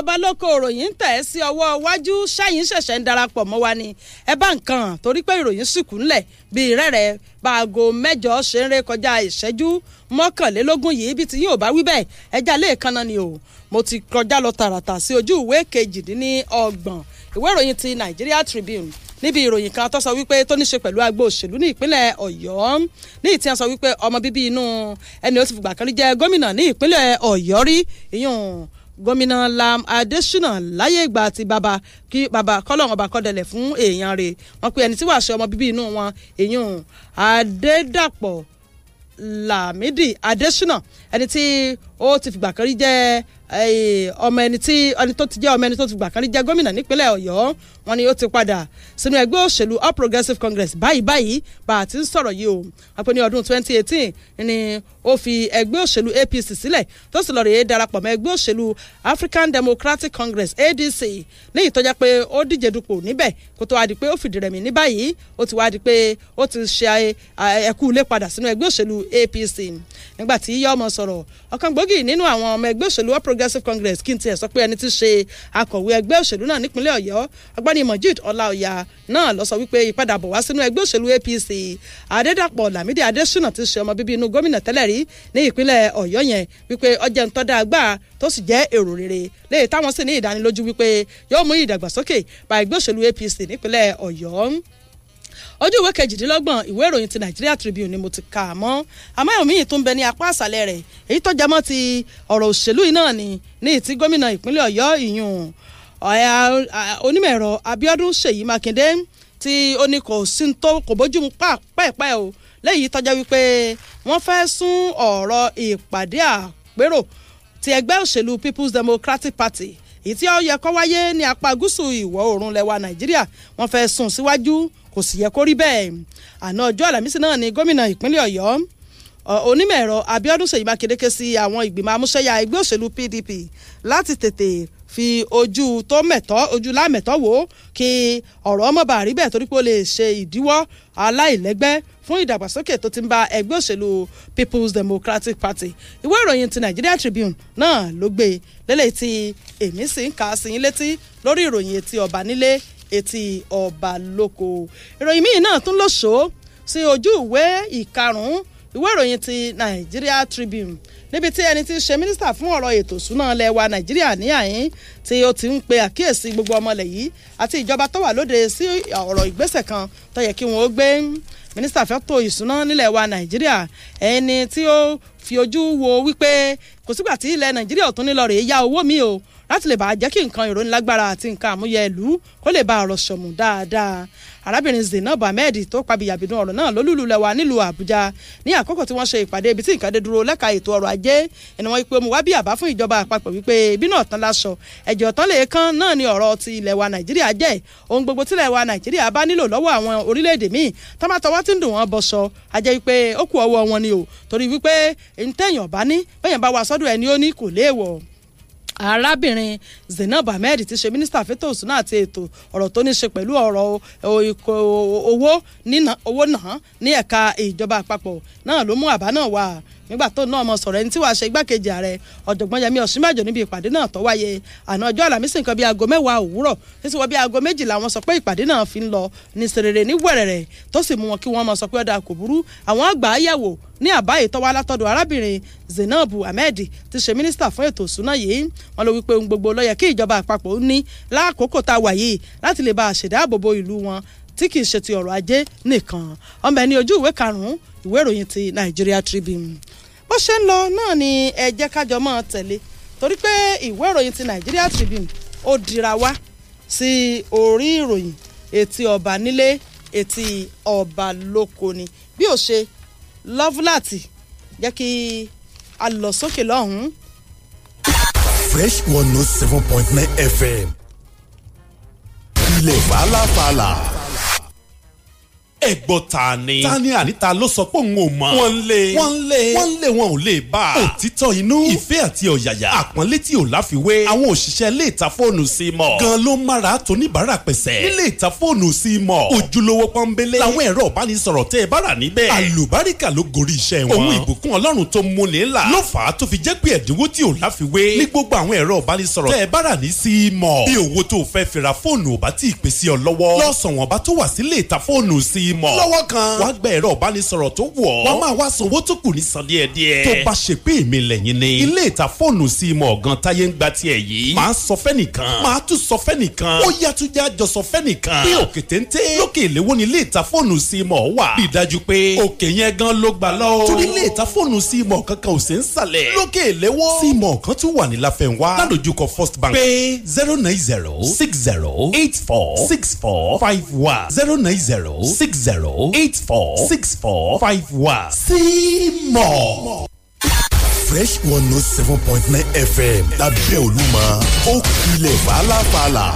ọba lóko ìròyìn ń tẹ̀ ẹ́ sí ọwọ́ iwájú ṣáyìn ṣẹ̀ṣẹ̀ ń darapọ̀ mọ́ wa ni ẹ bá nǹkan torí pé ìròyìn sìnkú ńlẹ̀ bíi rẹ́rẹ́ baago mẹ́jọ ṣe ń ré kọjá ìṣẹ́jú mọ́kànlélógún yìí ibi tí yóò bá wí bẹ́ẹ̀ ẹja lè kanna ni o mo ti kọjá lọ tààràtà sí ojú ìwé kejìdínlọ́gbọ̀n ìwé ìròyìn ti Nigeria Tribune níbi ìròyìn kan tó sọ wípé tó ní ṣe pẹ̀lú agbo òṣèlú ní ìpínlẹ̀ ọ̀yọ́ ní ìtí wọn sọ wípé ọmọ bíbí inú ẹni ó ti fìgbà kan rí jẹ́ gómìnà ní ìpínlẹ̀ ọ̀yọ́ rí ìyún gómìnà lam adésínà láyé ìgbà àti bàbá kí bàbá kọlọ́run ọba kọ́dẹlẹ̀ fún èèyàn rẹ̀ wọ́n pe ẹni tí wàá ṣe ọmọ bíbí inú wọn èèyàn adédàpọ̀ lamidi adésínà ẹni tí ó ti fìgbà kan rí jẹ́ eh, ọmọ ẹni tí ẹni tó ti jẹ́ ọmọ ẹni tó ti fìgbà kan rí jẹ́ gómìnà nípínlẹ̀ ọ̀yọ́ wọn ni ó ti padà sínú ẹgbẹ́ òṣèlú all progressives congress báyìí báyìí bá a ti ń sọ̀rọ̀ yìí o àpò ní ọdún 2018 ni ó fi ẹgbẹ́ òṣèlú apc sílẹ̀ tó sì lọ rèé darapọ̀ mọ́ ẹgbẹ́ òṣèlú african democratic congress adc léyìí tó jẹ́ pé ó díje dupò níbẹ̀ kó tó wá di pé ó fìdí rẹmi ní báyìí ó ti wá di pé ó ti ṣe eh, ẹkú ilé padà sínú ẹgbẹ́ òṣèlú apc nígbà tí yọmọ sọ̀rọ̀ ọ̀kan gbòóg gbòógì nínú àwọn ọmọ ẹgbẹ́ òṣèlú All Progressives Congress kí n tiẹ̀ sọ pé ẹni tí ṣe akọ̀wé ẹgbẹ́ òṣèlú náà nípínlẹ̀ Ọ̀yọ́ ọgbẹ́ni Mojeed Ọláoyà náà lọ sọ wípé ìpadàbọ̀ wá sínú ẹgbẹ́ òṣèlú APC Adédàpọ̀ Lámídì Adésínà ti ṣe ọmọ bíbí inú gómìnà tẹ́lẹ̀ rí ní ìpínlẹ̀ Ọ̀yọ́ yẹn wípé ọjẹ́ ntọ́dá àgbà tó sì jẹ́ èrò rere léyìí táwọn sì ní ìdánilójú wípé yóò mú ìdàgbàsókè bá ẹgbẹ́ òṣèlú APC nípínlẹ̀ Ọ̀yọ́ ojú ìwé kejìdínlọ́gbọ̀n ìwé ìròyìn ti Nigeria Tribune ni mo ti kà á mọ́ àmọ́ ẹ̀mí yìí tó ń bẹ ní apá àṣàlẹ̀ rẹ̀ èyí tó jẹmọ́ ti ọ̀rọ̀ òṣèlú yìí náà ni ní ìtí gómìnà ìpínlẹ̀ Ọ̀yọ́ ìyún onímọ̀ ẹ̀rọ Abíọ́dún Ṣèyí Mákindé tí ó ní kò sí ní tó kò bójú mu pẹ́ẹ́pẹ́ o léyìí tọ́jọ́ wípé wọ́n fẹ́ sún ọ̀rọ̀ ìpàdé àpérò ti ẹgbẹ́ òṣèlú People's Democratic Party ìtí ó yẹ kó wáyé ní apá gúúsù ìwọ̀ oòrùn lẹwa nàìjíríà wọ́n fẹ́ sún síwájú kò sì yẹ kó rí bẹ́ẹ̀ àná ọjọ́ àlàmísì náà ni gómìnà ìpínlẹ̀ ọ̀yọ́ onímọ̀ ẹ̀rọ Abíọ́dún Ṣèyí Mákindé ké sí àwọn ìgbìmọ̀ amúṣẹ́yà ẹgbẹ́ òṣèlú PDP láti tètè fi ojú tó mẹ̀tọ́ ojú lámẹ̀tọ́ wò ó kí ọ̀rọ̀ ọmọ bá rí bẹ́ẹ̀ torí pé ó lè ṣe ìdíwọ́ aláìlẹ́gbẹ́ fún ìdàgbàsókè tó ti ń bá ẹgbẹ́ òṣèlú People's Democratic Party ìwé ìròyìn ti Nigeria Tribune náà ló gbé lélẹ́yìí tí èmi sì ń kà á sí yín létí lórí ìròyìn etí ọba nílé etí ọba lóko ìròyìn míì náà tún lọ ṣòó sí ojú ìwé ìkarùn-ún ìwé ìròyìn ti Nigeria Tribune níbi tí ẹni tí í ṣe mínísítà fún ọ̀rọ̀ ètò ìsúná ilẹ̀ wa nàìjíríà ní àyín tí ó ti ń pe àkíyèsí gbogbo ọmọlẹ̀ yìí àti ìjọba tó wà lóde sí ọ̀rọ̀ ìgbésẹ̀ kan tó yẹ kí wọ́n ó gbé mínísítà fẹ́tò ìsúná nílẹ̀ wa nàìjíríà ẹni tí ó fi ojú wo wípé kò sígbà tí ilẹ̀ nàìjíríà ò tún nílọ rèé yá owó mi o láti lè bá a jẹ́ kí nǹkan ìrónilágbára àti nǹkan àmúyẹ ìlú kó lè bá ọ̀rọ̀ sọ̀mù dáadáa arábìnrin Zainab Ahmed tó pabiyàbìdún ọ̀rọ̀ náà lólùlù lẹ̀wà nílùú Àbújá ní àkókò tí wọ́n ṣe ìpàdé ibi tí nǹkan dúró lẹ́ka ètò ọrọ̀ ajé ẹni wọ́n pe omuwa bí àbá fún ìjọba àpapọ̀ wípé bí náà láṣọ ẹ̀jẹ̀ ọ̀tán lè kan náà ni ọ̀rọ̀ ti ilẹ̀ Nàìjíríà jẹ́ ohun gbogbo tí ilẹ̀ Nàìjíríà bá nílò lọ́wọ́ àwọn orílẹ̀-èdè míì tọ́mátọ́wọ́ ti ń dùn wọ́n bọ̀ṣọ ajẹ́ wípé ó kù ọwọ́ wọn ni o torí wípé ntẹ̀yìn ọ̀bá ní bẹ́yẹn bá wa sọ́dọ̀ ẹni ó ní kò léèwọ̀ arábìnrin Zainab Ahmed ti ṣe mínísítà fẹ́tọ̀ òṣùnà àti ètò ọ̀rọ̀ tó ní ṣe pẹ̀lú ọ̀rọ̀ owó níná ní ẹ̀ka ìjọba àpapọ̀ náà ló mú àbá náà wá nígbà tó náà mọ sọ̀rọ̀ ẹni tí wàá ṣe igbákejì ààrẹ ọ̀jọ̀gbọ́n Yẹmí Ọ̀ṣínbàjò níbi ìpàdé náà tó wáyé àná ọjọ́ àlàmísì nǹkan bíi aago mẹ́wàá òwúrọ̀ títí wọ́n bíi aago méjìlá wọn sọ pé ìpàdé náà fi ń lọ ní serere ní wẹ̀rẹ̀rẹ̀ tó sì mú wọn kí wọ́n mọ sọ pé ọ̀dà kò burú àwọn àgbà àyẹ̀wò ní àbá ìtọ́wá látọ̀dọ̀ arábìnrin Zainab Ahmed ti ṣe mínísítà fún ètò ìsúná yìí wọn ló wípé ohun gbogbo ló yẹ kí ìjọba àpapọ̀ ní lákòókò tá a wà yìí láti lè bá a ṣèdáàbòbò ìlú wọn tí kì í ṣe ti ọrọ̀ ajé nìkan ọmọ ẹni ojú ìwé karùn-ún ìwé ìròyìn ti Nigeria Tribune bó ṣe ń lọ náà ni ẹ kájọ máa tẹ̀lé torí pé ìwé ìròyìn ti Nigeria Tribune ó dira wá sí orí ìròyìn etí ọba nílé etí ọba lóko ni bí ó ṣe Lọ́fúlàtì jẹ́ kí a lọ sókè lọ́hùn-ún. Fresh one note oh seven point nine FM ilẹ̀ fàlàfàlà ẹ̀gbọ́n ta ni. ta ni àníta ló sọ pé òun ò mọ̀. wọ́n lé wọ́n lé wọ́n lé wọn ò lè bá a. òtítọ́ inú. ìfẹ́ àti ọ̀yàyà. àpọ́nlé tí ò láfiwé. àwọn òṣìṣẹ́ ilé ìta fóònù sí mọ̀. gan ló mára tó níbàárà pẹ̀sẹ̀. nílé ìta fóònù sí mọ̀. ojúlówó pọ́nbélé. làwọn ẹ̀rọ ìbánisọ̀rọ̀ tẹ́ ẹ bára níbẹ̀. àlùbáríkà ló gorí iṣẹ́ wọn. òun ìbùkún ọlọ́run tó múlẹ̀ fi jẹ́ pé ẹ̀dínwó tí ò láfiwé. ní gbogbo àwọn ẹ̀rọ ìbánisọ̀rọ̀ tẹ́ ẹ bára ní sí mọ̀. bí owó tó fẹ́ fira fóònù ò bá tí ì pèsè ọ lọ́wọ́ mọ̀. lọ́wọ́ kan. wàá gba ẹ̀rọ ìbánisọ̀rọ̀ tó wù ọ́. wọ́n máa wá sanwó tó kù ní san díẹ̀díẹ̀. tó bá ṣe pé èmi lẹ́yìn ni. ilé ìta fóònù sí mọ̀ ọ̀gán táyé ń gba tiẹ̀ yìí. màá sọ fẹ́nìkan. màá tún sọ fẹ́nìkan. ó yá já jọ sọ fẹ́nìkan. pé òkè téńté lókè ìléwó ni ilé ìta fóònù sí mọ̀ wà. bí dájú pé òkè yẹn gan ló gbà lọ. zero nine zero six zero eight four six four five one zero nine zero six zero eight four six four five one. see more. fresh one note oh seven point nine fm lábẹ́ olúmọ ó kulẹ̀ fàlàfàlà.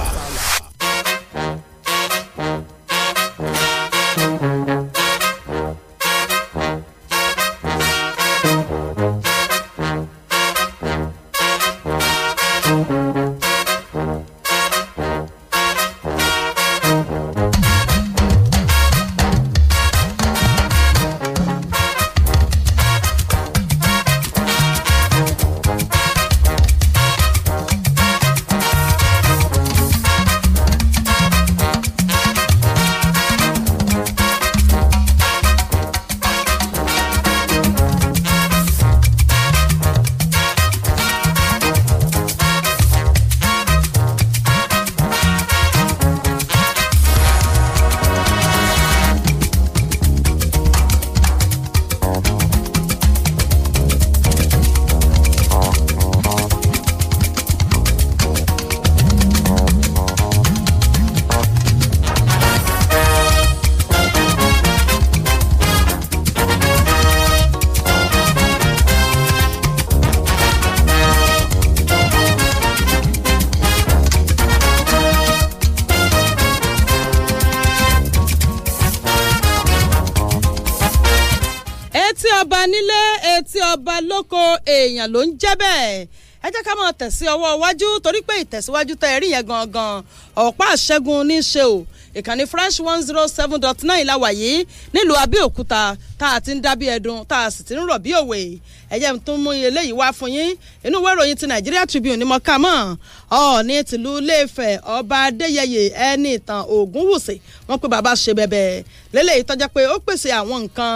èèyàn ló ń jẹ́ bẹ́ẹ̀ ẹ jẹ́ ká máa tẹ̀sí ọwọ́ iwájú torí pé ìtẹ̀síwájú tẹ ẹ̀rí yẹn gangan ọ̀pá àṣẹ́gun ní í ṣe o ìkànnì fresh one zero seven dot nine la wà yìí nílùú Abẹ́òkúta tá a ti ń dábí ẹdun tá a sì ti ń rọ̀ bí òwe ẹ̀jẹ̀ tó ń mú eléyìí wá fún yín inú ìwé ìròyìn ti Nigeria Tribune ni mo kà mọ́ Ọọ̀ni tìlú Iléefẹ̀ ọba Adéyẹyè ẹni ìtàn Ògúnwùsì wọ́n pe bàbá ṣe bẹ̀bẹ̀ lélẹ́yìí tọ́jà pé ó pèsè àwọn nǹkan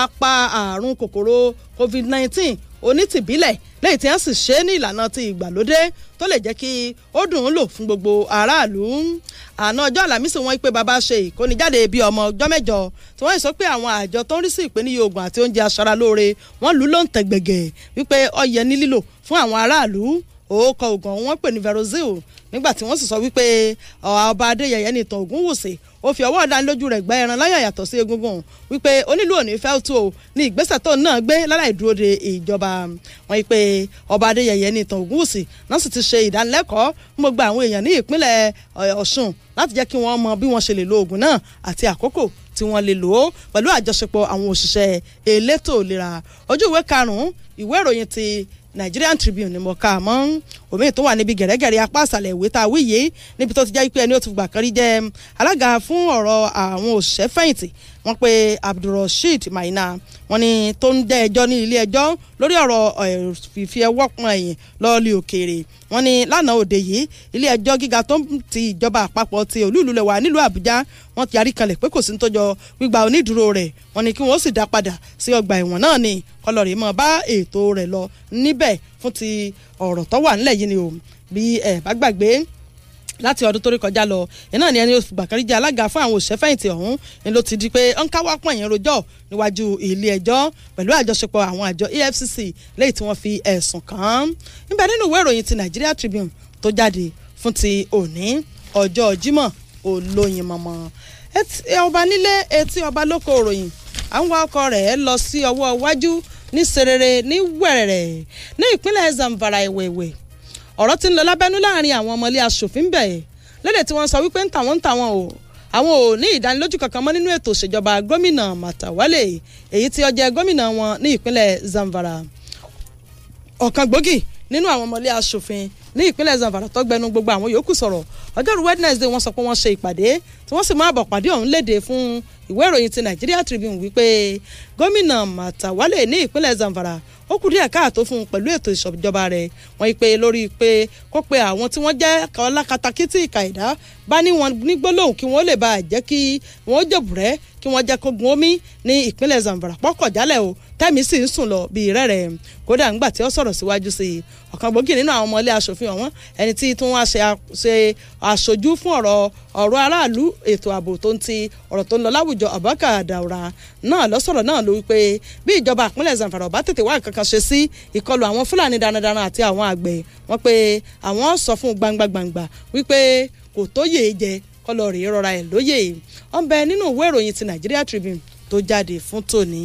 apá àrùn kòkòrò COVID nineteen onítìbílẹ̀ lẹ́yìn tí wọ́n sì ṣe é ní ìlànà ti ìgbàlódé tó lè jẹ́ kí ó dùn ún lò fún gbogbo aráàlú àná ọjọ́ àlàmísì wọn pé bàbá ṣe ìkónijáde bíi ọmọ ọjọ́ mẹ́jọ tí wọ́n sọ pé àwọn àjọ tó ń rí sí ìpèníyà oògùn àti oúnjẹ aṣara wọ́n lù ú ló wípé ó ní lílò fún àwọn aráàlú òókọ ògàn wọn pè ní verozil nígbà tí wọ́n sì sọ wípé ọba adéyẹyẹ ní ìtàn ògúnwùsì ó fi ọwọ́ ọ̀dánilójú rẹ̀ gbá ẹran láyà yàtọ̀ sí egungun wípé onílù òní fẹ́ tó o ní ìgbésẹ̀ tó náà gbé láláì dúró de ìjọba wọn wípé ọba adéyẹyẹ ní ìtàn ògúnwùsì náà sì ti ṣe ìdánilẹ́kọ̀ọ́ fún gbogbo àwọn èèyàn ní ìpínlẹ̀ eh, ọ̀ṣun láti jẹ́ kí wọ́n mọ bí wọ́n ṣe lè lo oògùn náà àti àkókò tí wọ́n lè lò ó pẹ̀lú àjọṣepọ̀ àwọn òṣìṣẹ́ elétò ìlera ojú ìwé karùn-ún ìwé ìròyìn ti nigerian tribune ni mo kà mọ́ òmíì tó wà níbi gẹ̀rẹ́gẹ̀rẹ́ apá àṣàlẹ̀ ìwé tá a wí yìí níbi tó ti jẹ́ pé ẹni ó ti gbà kan rí jẹ́ um, alága fún ọ̀rọ̀ àwọn òṣìṣẹ́ fẹ̀yìntì wọ́n pe Abdulrasheed Maina wọ́n ní tó ń dẹ ẹjọ́ ní ilé ẹjọ́ lórí ọ̀rọ̀ fífi ẹwọ́ pọn ẹ̀yìn lọ́ọ́lì òkèèrè wọ́n ní lánàá òde yìí ilé ẹjọ́ gíga tó ń ti ìjọba àpapọ̀ ti olú ìlú lẹ̀wà nílùú Àbújá wọ́n ti yarí kalẹ̀ pé kò sí ní gbígba onídùúró rẹ̀ wọ́n ní kí wọ́n sì dá padà sí ọgbà ẹ̀wọ̀n náà ni kọlọ̀rì mọ̀ bá ètò rẹ̀ lọ níbẹ̀ fún ti ọ̀rọ̀ tó wà nílẹ̀ yìí ni o bí ẹ bá gbàgbé láti ọdún tó rí kọjá lọ iná ni ẹni oṣù gbàkárí jẹ alága fún àwọn òṣèfẹ̀yìntì ọ̀hún ni ló ti di pé ó ń káwá pọ̀ yẹn rojọ́ níwájú ilé ẹjọ́ pẹ̀lú àjọṣepọ̀ àwọn àjọ EFCC lẹ́yìn tí wọ́n fi ẹ̀sùn kàn án níbẹ̀ nínú ìwé ìròyìn ti Nigeria Tribune tó jáde fún ti òní ọjọ́ Jímọ̀ olóyin mọ̀mọ́ ọba nílé etí ọba lóko ìròyìn à ń wá ọkọ rẹ̀ lọ sí ọwọ́ iwájú ní serere ní wẹ̀rẹ̀rẹ̀ ní ìpínlẹ̀ Zamfara ìwẹ̀wẹ̀ ọ̀rọ̀ ti ń lọ lábẹ́nú láàrin àwọn ọmọlé aṣòfin bẹ̀yẹ̀ lédè tí wọ́n sọ wípé ń tàwọn ń tàwọn o àwọn ò ní ìdánilójú kankan mọ́ nínú ètò ìṣèjọba gómìnà Màtàwálé èyí tí ó jẹ́ gómìnà wọn ní ìpínlẹ̀ Zamfara ọ̀kan gbòógì nínú àwọn ọmọlé aṣòfin ní ìpínlẹ̀ Zamfara tó gbẹnu gbogbo àwọn yòókù sọ̀rọ̀ ọjọ́rú Wednesday wọ́n sọ pé wọ́n ṣe ìpàdé tí wọ́n sì mú àbọ̀pàdé ọ̀hún léde fún ìwé ìròyìn ti Nigeria Tribune wípé gómìnà Matawalle ní ìpínlẹ̀ Zamfara ó kù díẹ̀ káàtó fún un pẹ̀lú ètò ìṣọ̀jọba rẹ̀ wọ́n pe lórí pé kó pe àwọn tí wọ́n jẹ́ ọlákatakí tí ìka ẹ̀dá bá ní wọn ní gbólóhùn kí wọ́n lè bá jẹ́ kí wọ́n jẹ̀bùrẹ́ kí wọ́n jẹ́ kógun omi ní ìpínlẹ̀ Zamfara pọ́kọ̀ jálẹ̀ o tẹ́mi sì ń sùn lọ bí rẹ́rẹ́ kódà ńgbà tí ó sọ̀rọ̀ síwájú sí i ọ̀kan gbòógì nínú àwọn ọmọlé aṣòfin ọ̀wọ́n ẹni tí tún wá ṣe aṣojú fún ọ̀rọ̀ ọ̀rọ̀ aráàlú ètò ààbò tó ń ti ọ̀rọ̀ tó ń lọ láwùjọ Abubakar Daura náà lọ́sọ̀rọ̀ náà ló wípé bí ìjọba àpínlẹ̀ Zamfara ọ̀bá tètè wá nǹkan kan ṣe sí ìkọlù àwọn Fúlàní darandaran àti àwọn àgbẹ̀ wọn pé àwọn sọ fún gbangba gbangba wípé kò tó yèé jẹ kọlọ rèé rọra ẹ̀ lóye ọ̀nbẹ nínú ìwé ìròyìn ti Nigeria Tribune tó jáde fún tòní.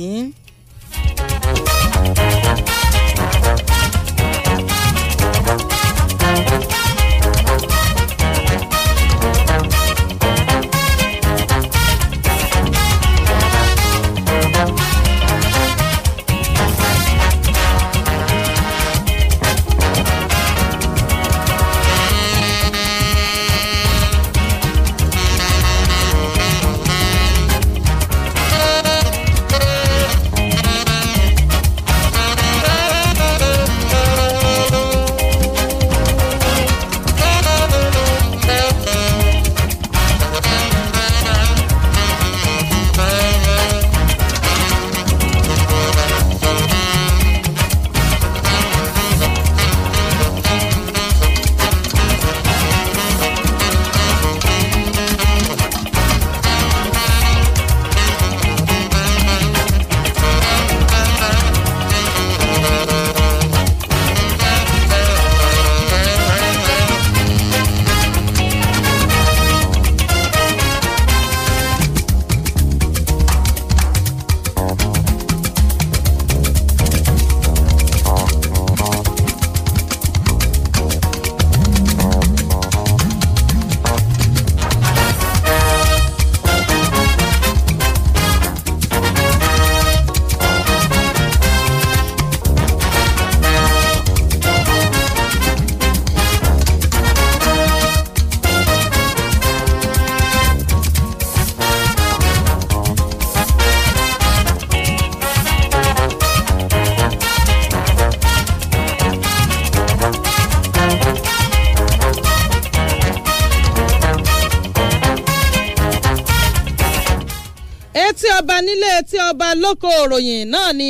etí ọba lóko òròyìn náà ni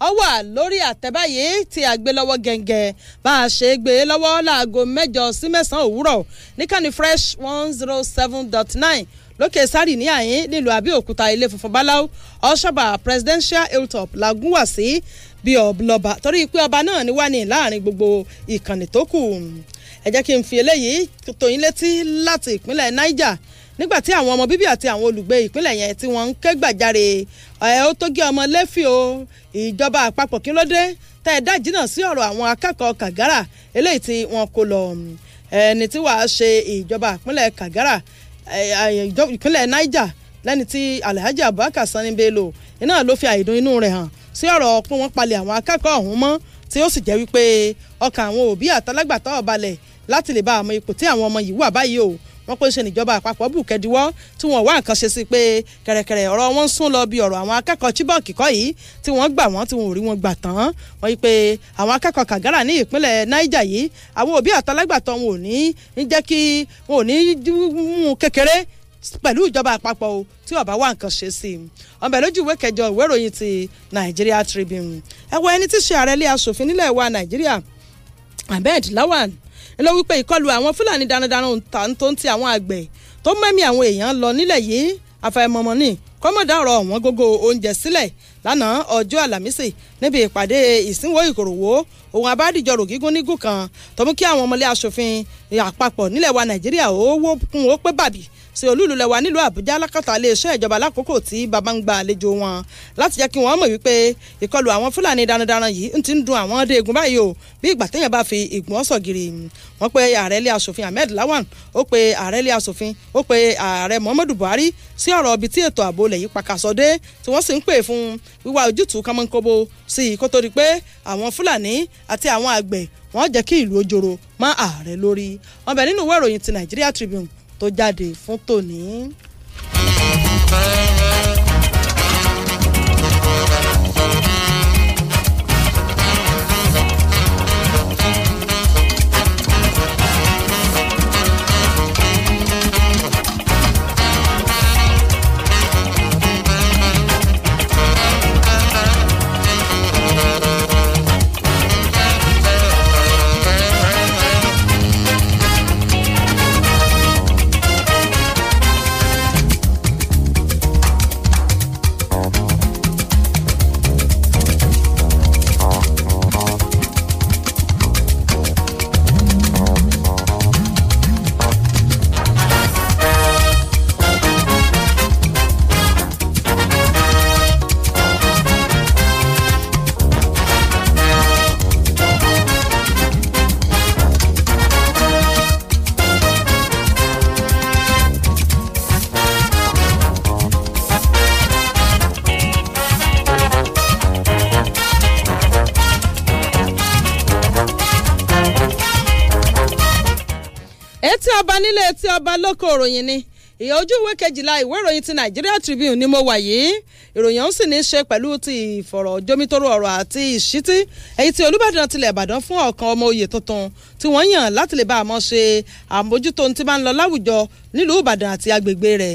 ọ wà lórí àtẹ̀báyé tí a gbé lọ́wọ́ gẹ̀ǹgẹ̀ bá a ṣe gbé e lọ́wọ́ láago mẹ́jọ sí mẹ́sàn-án òwúrọ̀ níkànnì fresh one zero oh seven dot nine lókè sárì ní àyín nílùú àbẹ́òkúta ilé funfun báláú ọ̀ṣọ́bà presidential hilltop làgùn wá sí bí ọlọ́ba torí pé ọba náà ni wà ní láàrin gbogbo ìkànnì tó kù ẹ kí n fi eléyìí tó létí láti ìpínlẹ̀ niger nígbà tí àwọn ọmọ bíbí àti àwọn olùgbé ìpínlẹ̀ yẹn tí wọ́n ń ké gbàjarè ẹ̀ ó tó gé ọmọ lẹ́fì o ìjọba àpapọ̀ kí ló dé tẹ́ ẹ dájú náà sí ọ̀rọ̀ àwọn akẹ́kọ̀ọ́ kàgárà eléyìí tí wọ́n kó lọ ẹni tí wàá ṣe ìjọba ìpínlẹ̀ kàgárà ìpínlẹ̀ niger lẹ́ni tí alhaji abubakar sani bello iná ló fi àìdùn inú rẹ̀ hàn sí ọ̀rọ̀ pé wọ́n palẹ̀ àwọn akẹ́kọ̀ọ́ ọ̀hún mọ́ tí ó sì jẹ́ wípé ọkàn àwọn òbí àtàlágbàtọ́ ọ̀balẹ̀ láti lè bá àmọ́ ipò tí àwọn ọmọ yìí wà báyìí o wọ́n pé ṣe níjọba àpapọ̀ bù tí wọ́n wá nǹkan ṣe sí pé kẹ̀rẹ̀kẹ̀rẹ̀ ọ̀rọ̀ wọn sún lọ bí ọ̀rọ̀ àwọn akẹ́kọ̀ọ́ Chibok kọ́ yìí tí wọ́n gbà wọ́n tí wọ́n ò rí wọn gbà tán wọ́n yí pé àwọn akẹ́kọ̀ọ́ Kagara ní ìpínlẹ̀ Niger yìí àwọn òbí àtàlágbàtọ́ wọn ò ní jẹ́ kí wọn ò ní mú kékeré pẹ̀lú ìjọba àpapọ̀ o tí ọba wá nǹkan ṣe sí i ọbẹ̀ lójú ìwé kẹjọ ìwé ìròyìn ti Nigeria Tribune ẹ wo ẹni tí ṣe ààrẹ ilé asòfin nílẹ̀ wa Nàìjíríà Ahmed Lawan ló wípé ìkọlù àwọn fúlàní darandaran tó ń ti àwọn àgbẹ̀ tó mẹ́mí àwọn èèyàn lọ nílẹ̀ yìí àfàìmọ̀mọ̀ ni kọ́mọ̀dá ọ̀rọ̀ ọ̀wọ́n gógó oúnjẹ sílẹ̀ lánàá ọjọ́ àlàmísì níbi ìpàdé ìsínwó ìkòròwò òun abádìjọrò gígùn nígùn kan tó mú kí àwọn ọmọlé aṣòfin àpapọ̀ nílẹ̀ wa nàìjíríà ó wó kún ó pé bàbí ṣe olúùlú lẹwa nílùú àbújá alákàtà iléeṣẹ́ ìjọba lákòókò tí bàbá ń gba àlejò wọn láti jẹ́ kí wọ́n mọ̀ wípé ìkọlù àwọn fúlàní darandaran yìí ń ti ń dun àwọn ọdẹ egun báyìí o bí ìgbà téèyàn bá fi ìgbọ̀n ọ̀sọ̀ gírì pe ààrẹ ilé asòfin ahmed lawan ó pe ààrẹ ilé asòfin ó pe ààrẹ muhammadu buhari sí ọ̀rọ̀ ibi tí ètò ààbò lẹ̀ yí pakasọ́dé tí wọ́n sì ń pè fún wíwá ojútùú kánmọ́nkóbó sí i kó tó di pé àwọn fúlàní àti àwọn àgbẹ̀ wọ́n jẹ́ kí ìlú ojoro má ààrẹ lórí wọ́n bẹ̀ nínú ìwé ìròyìn ti Nigeria Tribune tó jáde fún tòní. nílé etí ọba lóko òròyìn ni ìyá ojú ìwé kejìlá ìwé ìròyìn ti Nigeria Tribune ni mo wà yìí ìròyìn ọ̀hún sì ní í ṣe pẹ̀lú ti ìfọ̀rọ̀jomitoro ọ̀rọ̀ àti ìṣítí èyí tí Olúbàdàn tilẹ̀ Ìbàdàn fún ọ̀kan ọmọ oyè tuntun tí wọ́n yàn láti lè bá àmọ́ ṣe àmójútó ohun tí máa ń lọ láwùjọ nílùú Ìbàdàn àti agbègbè rẹ̀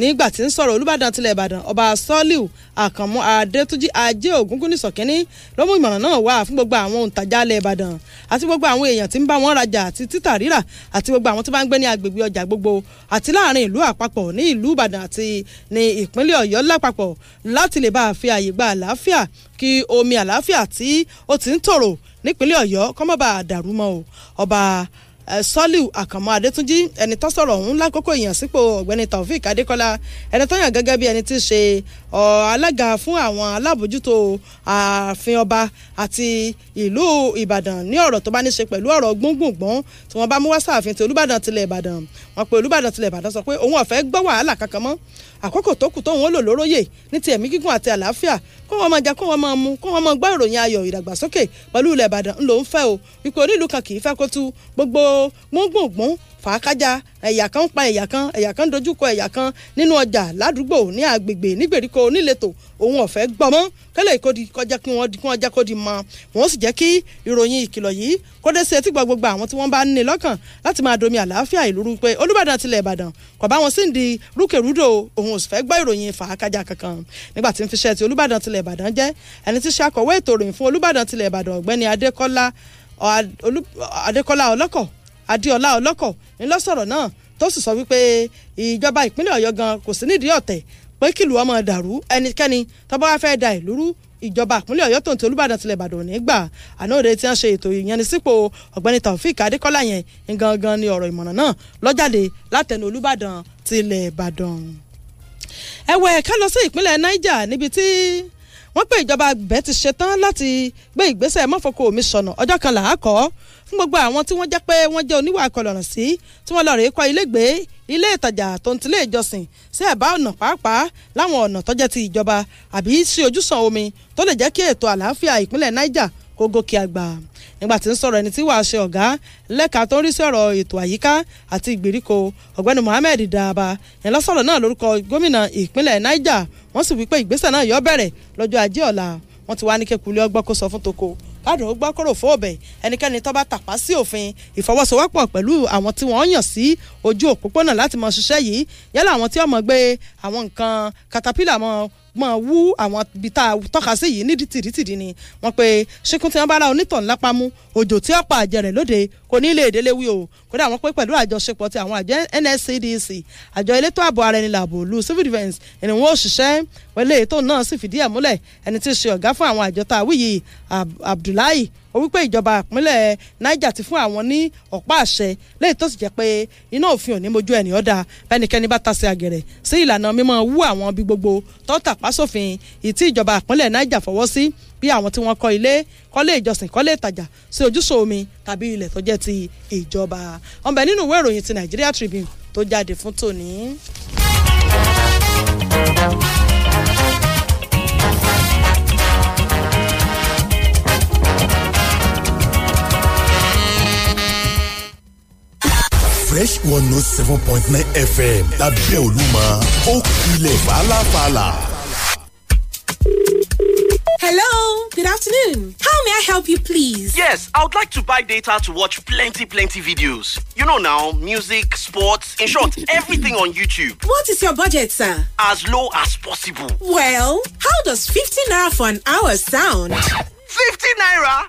nígbà tí ń sọ̀rọ̀ olùbàdàn tilẹ̀ ìbàdàn ọba sọ́líù àkànmú adétúnjì ajé ògúngún ní sọ̀kínní ló mú ìmọ̀ràn náà wá fún gbogbo àwọn òǹtajà ilẹ̀ ìbàdàn àti gbogbo àwọn èèyàn tí ń bá wọn rajà àti títà rírà àti gbogbo àwọn tí bá ń gbé ní agbègbè ọjà gbogbo àti láàrin ìlú àpapọ̀ ní ìlú ìbàdàn àti ní ìpínlẹ̀ ọ̀yọ́ lápapọ̀ láti lè bá a fi àyè gba àlàáfíà kí omi àlàáfíà tí ó ti ń tòrò nípínlẹ̀ ọ̀yọ́ kọ́mọ́bà dàrú mọ́ o ọba Eh, Soliu Àkànmọ́ Adétúnjì ẹni tó sọ̀rọ̀ ọ̀hún lákòókò ìyànsípò ọ̀gbẹ́ni Taofik Adékọ́lá ẹni tó yàn gẹ́gẹ́ bí ẹni tí í ṣe alága fún àwọn alábòjútó ààfin ọba àti ìlú Ìbàdàn ní ọ̀rọ̀ tó bá ní ṣe pẹ̀lú ọ̀rọ̀ gbóngbòngbòn tí wọ́n bá mú wá sáàfin ti Olúbàdàn tilẹ̀ Ìbàdàn wọ́n pe Olúbàdàn tilẹ̀ Ìbàdàn sọ pé òun ò fẹ́ gbọ́ wàhálà kankan mọ́ àkókò tó kù tóun ó lò lóróyè ní ti ẹ̀mí gígùn àti àlàáfíà kó wọn máa jẹ kó wọn máa mu kó wọn máa gbọ́ ìròyìn ayọ̀ ìdàgbàsókè pẹ̀lú ilẹ̀ Ìbàdàn ńlò ń fẹ́ o wípé onílù kan kì í fẹ́ kó tú gbogbo o wọ́n gbòǹgbòǹ fàákájà ẹ̀yà kan ń pa ẹ̀yà kan ẹ̀yà kan dojúkọ ẹ̀yà kan nínú ọjà ládùúgbò ní agbègbè nígbèríko oníletò òun ọ̀fẹ́ gbọmọ́ kẹlẹ̀ ìkọ́di kọjá kí wọ́n di kí wọ́n já kó di mọ́ wọ́n sì jẹ́ kí ìròyìn ìkìlọ̀ yìí kó dé sí etí gba gbogbo àwọn tí wọ́n bá ń ní lọ́kàn láti máa domi àlàáfíà ìlú rú pé olúbàdàn tilẹ̀ ìbàdàn kò bá wọn sì ń di rúkèrúdò òun ò sì fẹ́ gbọ́ ìròyìn fàákájà kankan nígbà tí ń fi ti olúbàdàn tilẹ̀ ìbàdàn jẹ́ ẹni tí ṣàkọ̀wé ètò ìròyìn fún olúbàdàn tilẹ̀ ìbàdàn ọ̀gbẹ́ni adékọ́lá adéọlá ọlọ́kọ̀ ńlọ́sọ̀rọ̀ náà tó sì sọ wípé ìjọba ìpínlẹ̀ ọ̀yọ́ gan kò sí nídìí ọ̀tẹ̀ pé kìlú ọmọ dàrú ẹnikẹ́ni tó bá wá fẹ́ da ìlú rú ìjọba ìpínlẹ̀ ọ̀yọ́ tó ń ti olúbàdàn tilẹ̀ ìbàdàn nígbà ànáòde tí wọ́n ṣe ètò ìyanisípò ọ̀gbẹ́ni taofik adékọ́lá yẹn gangan ni ọ̀rọ̀ ìmọ̀ràn náà lọ́jáde látẹnu olúbàdàn tilẹ̀ ìbàdàn. ẹ̀wẹ̀ ká lọ sí ìpínlẹ̀ niger níbi tí wọ́n pé ìjọba bẹ́ẹ̀ ti ṣetán láti gbé ìgbésẹ̀ mọ́fọ́kọ mi sọ̀nà ọjọ́ kan là á kọ́ fún gbogbo àwọn tí wọ́n jẹ́ pé wọ́n jẹ́ oníwà kọlọ̀rọ̀ sí tí wọ́n lọ rèé kọ́ ilé gbé ilé ìtajà tó ń tilé ìjọsìn sí ẹ̀bá ọ̀nà pàápàá láwọn ọ̀nà tó ti ìjọba àbí sí ojúsàn omi tó lè jẹ́ kí ètò àlàáfíà ìpínlẹ̀ Niger kó gòkè àgbà nígbà tí ń sọ̀rọ̀ ẹni tí wàá ṣe ọ̀gá lẹ́ka tó ń rí sí ọ̀rọ̀ ètò àyíká àti ìgbèríko ọ̀gbẹ́ni Mohammed Daaba yẹn lọ́sọ̀rọ̀ náà lórúkọ gómìnà ìpínlẹ̀ Niger wọ́n sì wípé ìgbésẹ̀ náà yọ bẹ̀rẹ̀ lọ́jọ́ ajé ọ̀la wọ́n ti wá ní kékulé ọgbọ́n kó sọ fún toko kádùn ó gbọ́ kóró fún ọ̀bẹ ẹnikẹ́ni tó bá tàpá sí òfin ìfọwọ́sowọ́pọ̀ pẹ̀lú àwọn tí wọ́n yàn sí ojú òpópónà láti mọ ṣiṣẹ́ yìí yálà àwọn tí wọ́n mọ̀ gbé àwọn nǹkan katapila mọ́ mọ̀ wú àwọn ibi tá a tọ́ka sí yìí ní tìrìtìrì ni wọ́n pe ṣíkún tí wọ́n bá ra òjò tí ọ̀pọ̀ àjẹrẹ̀ lóde kò ní ilé ìdílé wí o kódà wọ́n pé pẹ̀lú àjọṣepọ̀ ti àwọn àjọ NSCDC àjọ elétò ààbò ara ẹni làbò lu civil defence ẹni wọn ò ṣiṣẹ́ wọlé ètò náà sì fìdí ẹ̀ múlẹ̀ ẹni tí í ṣe ọ̀gá fún àwọn àjọ tá a wí yìí Abdullahi ó wípé ìjọba ìpínlẹ̀ Niger ti fún àwọn ní ọ̀pá àṣẹ léyìí tó sì jẹ́ pé iná òfin ò ní mojú ẹni ọ̀dà bẹ́nikẹ́ni bá tasẹ̀ àgẹ̀rẹ̀ sí ìlànà mímọ́ wú àwọn bí gbogbo tó tàpá ìtí ìjọba ìpínlẹ̀ Niger fọwọ́ sí kí àwọn tí wọ́n kọ́ ilé kọ́lé ìjọsìn kọ́lé ìtajà sí ojúṣòwò mi tàbí ilẹ̀ tó jẹ́ ti ìjọba ọ̀nbẹ nínú ìwé ìròyìn ti Nigeria Tribune tó jáde fún tòní. fresh one note oh seven point nine fm lábẹ́ Olúmọ ó kulẹ̀ fàlàfàlà. afternoon. How may I help you, please? Yes, I would like to buy data to watch plenty, plenty videos. You know now, music, sports, in short, [LAUGHS] everything on YouTube. What is your budget, sir? As low as possible. Well, how does 50 naira for an hour sound? 50 naira?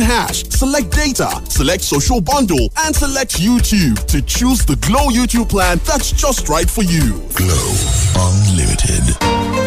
hash, select data, select social bundle, and select YouTube to choose the Glow YouTube plan that's just right for you. Glow Unlimited.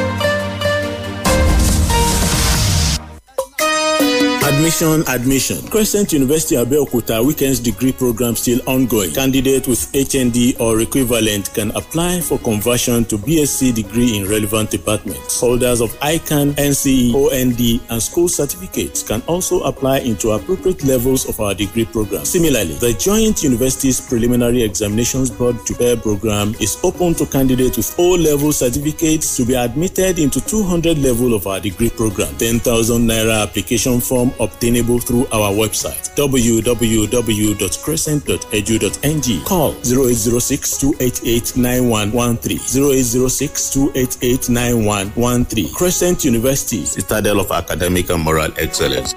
Admission, admission. Crescent University Abeokuta Weekends Degree Program still ongoing. Candidate with HND or equivalent can apply for conversion to BSc degree in relevant departments. Holders of ICANN, NCE, OND, and school certificates can also apply into appropriate levels of our degree program. Similarly, the Joint Universities Preliminary Examinations Board to Pair program is open to candidates with all level certificates to be admitted into 200 level of our degree program. 10,000 Naira application form up. obtainable through our website www.crescent.edu.ng. Call 0806 288 9113. 0806 288 9113. Crescent University, citadel of academic and moral excellence.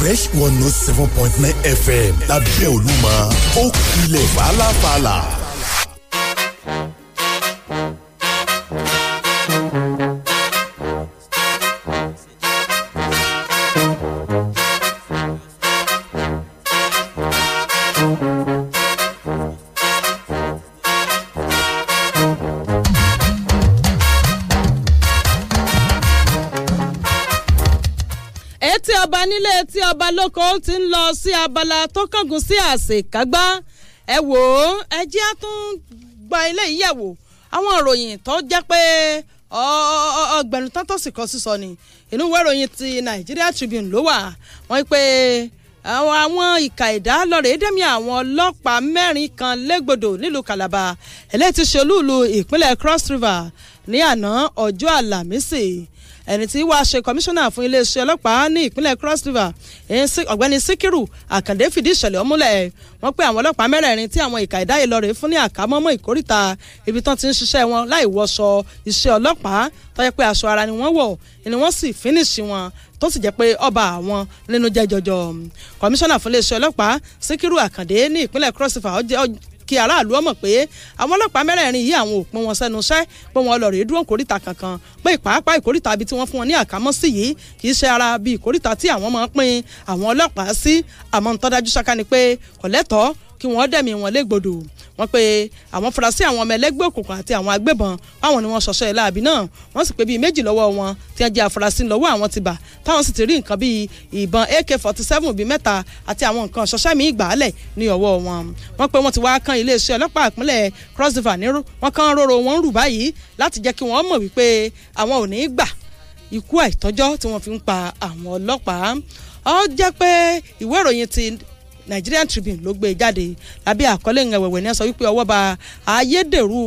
fresh one note oh seven point nine fm lábẹ́ olúmọ ó kilẹ̀ fàlàfàlà. lóko ti ń lọ sí abala tó kángun sí àṣekágbá ẹ wò ó ẹ jẹ́ á tún gba ilé ìyẹ̀wò àwọn ìròyìn tó jẹ́ pé ọgbẹ̀rún tán tó sì kọ́ sísọ ni inú ìwé ìròyìn ti Nigeria Tribune ló wà wọ́n pé àwọn àwọn ìka ẹ̀dá lọ́rẹ̀ẹ́ dẹ́mi àwọn ọlọ́pàá mẹ́rin kan légbodò nílùú Calabar eléyìí ti ṣolúùlù ìpínlẹ̀ Cross River ní àná ọjọ́ àlàmísì ẹni tí wàá ṣe kọmíṣánná fún iléeṣẹ́ ọlọ́pàá ní ìpínlẹ̀ cross river ọ̀gbẹ́ni síkírù àkàndé fìdí ìṣẹ̀lẹ̀ ọmúlẹ̀ wọ́n pé àwọn ọlọ́pàá mẹ́rẹ̀ẹ̀rin tí àwọn ìka ìdá ìlọrin fún ní àkámọ́mọ́ ìkórìtà ibi tán ti ń ṣiṣẹ́ wọn láì wọṣọ iṣẹ́ ọlọ́pàá tó yẹ pé aṣọ ara ni wọ́n wọ̀ ni wọ́n sì fínísì wọn tó sì jẹ́ pé ọba àwọn nínú jẹ́ jọjọ kọmíṣánná fún iléeṣẹ́ ọlọ́pàá síkírù àkàndé ní ìpínlẹ̀ cross river kí aráàlú ọmọ pé àwọn ọlọ́pàá mẹ́rẹ̀ẹ̀rin yìí àwọn òpin wọn sẹ́nu iṣẹ́ pé wọn lọ rèé dúró kórìtà kankan pé ìpàápàá ìkórìtà bíi tí wọ́n fún wọn ní àkámọ́ sí yìí kì í ṣe ara bíi ìkórìtà tí àwọn máa ń pín àwọn ọlọ́pàá sí àmọ́ ń tọ́jú ṣáká ni pé kọ̀lẹ́tọ̀ọ́ kí wọ́n dẹ̀mí wọn légbodò wọ́n pé àwọn fura sí àwọn ọmọ ẹlẹ́gbẹ́ òkùnkùn àti àwọn agbébọn àwọn ni wọ́n ṣọṣọ ẹ̀ láàbì náà wọ́n sì pé bíi méjì lọ́wọ́ wọn tí wọ́n jẹ́ afurasí lọ́wọ́ àwọn ti bà táwọn sì ti rí nǹkan bíi ìbọn AK-47 bíi mẹ́ta àti àwọn nǹkan ṣọṣẹ́ mi ìgbàálẹ̀ ní ọwọ́ wọn wọ́n pé wọ́n ti wá kan iléeṣẹ́ ọlọ́pàá ìpínlẹ̀ Cross River ní wọ́n kàn róró wọn rù báyìí láti jẹ́ kí wọ́n mọ̀ wípé àwọn ò ní í gbà ikú àìtọ́jọ́ tí wọ́n fi ń pa àwọn ọlọ́pàá ó jẹ́ pé ìwé ìròyìn ti Nigerian Tribune ló gbé e jáde lábẹ́ àkọlé ìyẹn wẹ̀wẹ̀ ní ẹ sọ wípé ọwọ́ bà ayédèrú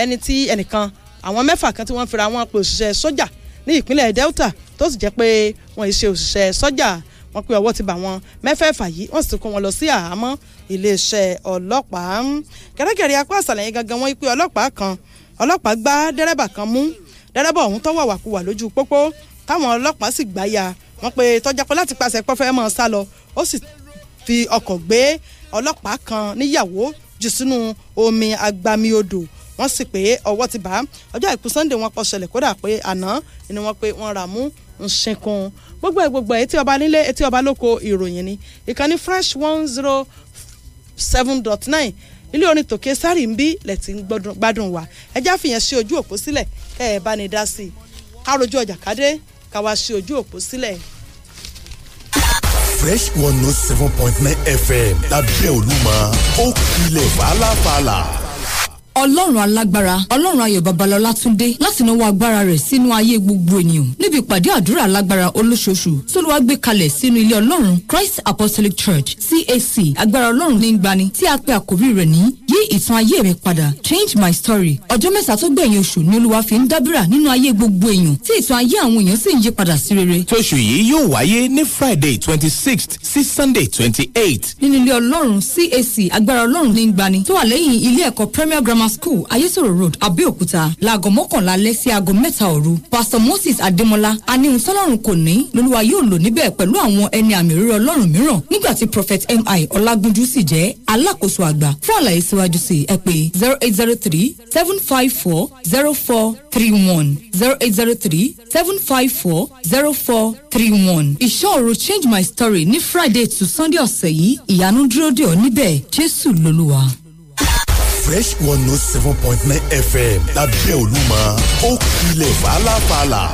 ẹni tí ẹnìkan àwọn mẹ́fà kan tí wọ́n fira wọn pé òṣìṣẹ́ sójà ní ìpínlẹ̀ Delta tó sì jẹ́ pé wọ́n ṣe òṣìṣẹ́ sójà wọ́n pé ọwọ́ ti bà wọ́n mẹ́fẹ̀ẹ̀fà yìí wọ́n sì ti kó wọn lọ sí àhámọ́ iléeṣẹ́ ọlọ́pàá kẹrẹkẹrẹ apá àṣàlẹ̀ yẹn gangan wọ́n pé ọlọ́pàá kan ọlọ́pàá gbá dẹ́rẹ́bà kan mú dẹ́rẹ́bà ọ̀hún tọ́wọ́ wàkuwà lójú pópó táwọn ọlọ́pàá sì gbá wọ́n pé tọ́jà pé láti pàṣẹ pọ́fẹ́ mọ́ sá lọ ó sì fi ọkọ̀ gbé ọlọ́pàá kan níyàwó jù sínú omi agbami odò wọ́n sì pé ọwọ́ ti bá ọjọ́ àìkú Sunday wọ́n pọ̀ ṣẹlẹ̀ kódà pé àná ni wọ́n pé wọ́n rà mú ń ṣinkun gbogbo gbogbo etí ọba nílé etí ọba lóko ìròyìn ni ìkànnì fresh one zero seven dot nine ilé orin tòkè sáré ń bí lẹ́tì ń gbádùn wa ẹjá fìyẹn sí ojú òpó sílẹ̀ ẹ̀ bá ní dá sí i ká rojú ọjà kádé ká wá sí ojú òpó sílẹ̀ fresh one note oh seven point nine fm lábẹ́ olúmọ ó kulẹ̀ fàlàfàlà ọlọ́run alágbára ọlọ́run ayọ̀ babalọ́lá túndé láti náwó agbára rẹ̀ sínú ayé gbogbo ènìyàn níbi ìpàdé àdúrà alágbára olóṣooṣù tóluwá gbé kalẹ̀ sínú ilé ọlọ́run christ apostolic church cac agbára ọlọ́run ní gbani tí a pè àkórí rẹ̀ ní yí ìtàn ayé mi padà change my story ọjọ́ mẹ́ta tó gbẹ̀yìn oṣù ni olúwa fi ń dábìrà nínú ayé gbogbo èèyàn tí ìtàn ayé àwọn èèyàn sì ń yí padà sí rere. tóṣù yìí yóò wáyé ní friday twenty sixth sí sunday twenty eight. nínú ilé ọlọ́run cac agbára ọlọ́run ní gbani tó wà lẹ́yìn ilé ẹ̀kọ́ premier grammar school ayétòrò road abẹ́òkúta láago mọ́kànlá alẹ́ sí aago mẹ́ta òru pastor moses adémọlá aníhun tọ́lọ́run kò ní lolúwa yóò lò níbẹ̀ pẹ̀lú àwọn ẹni àmì òróró ọlọ́run mìíràn nígbà prophet mi ọlágúnjú sì jẹ́ alákòóso àgbà fún àlàyé síwájú síwájú sí ẹ pé zero eight zero three seven five four zero four three one zero eight zero three seven five four zero four three one. ìṣòro change my story ní friday to sunday ọ̀sẹ̀ yìí ìyanu dúró dè ọ́ níbẹ̀ jésù lolúwa. fresh one note oh seven point nine fm lábẹ́ olúmọ ó kilẹ̀ fàlàfàlà.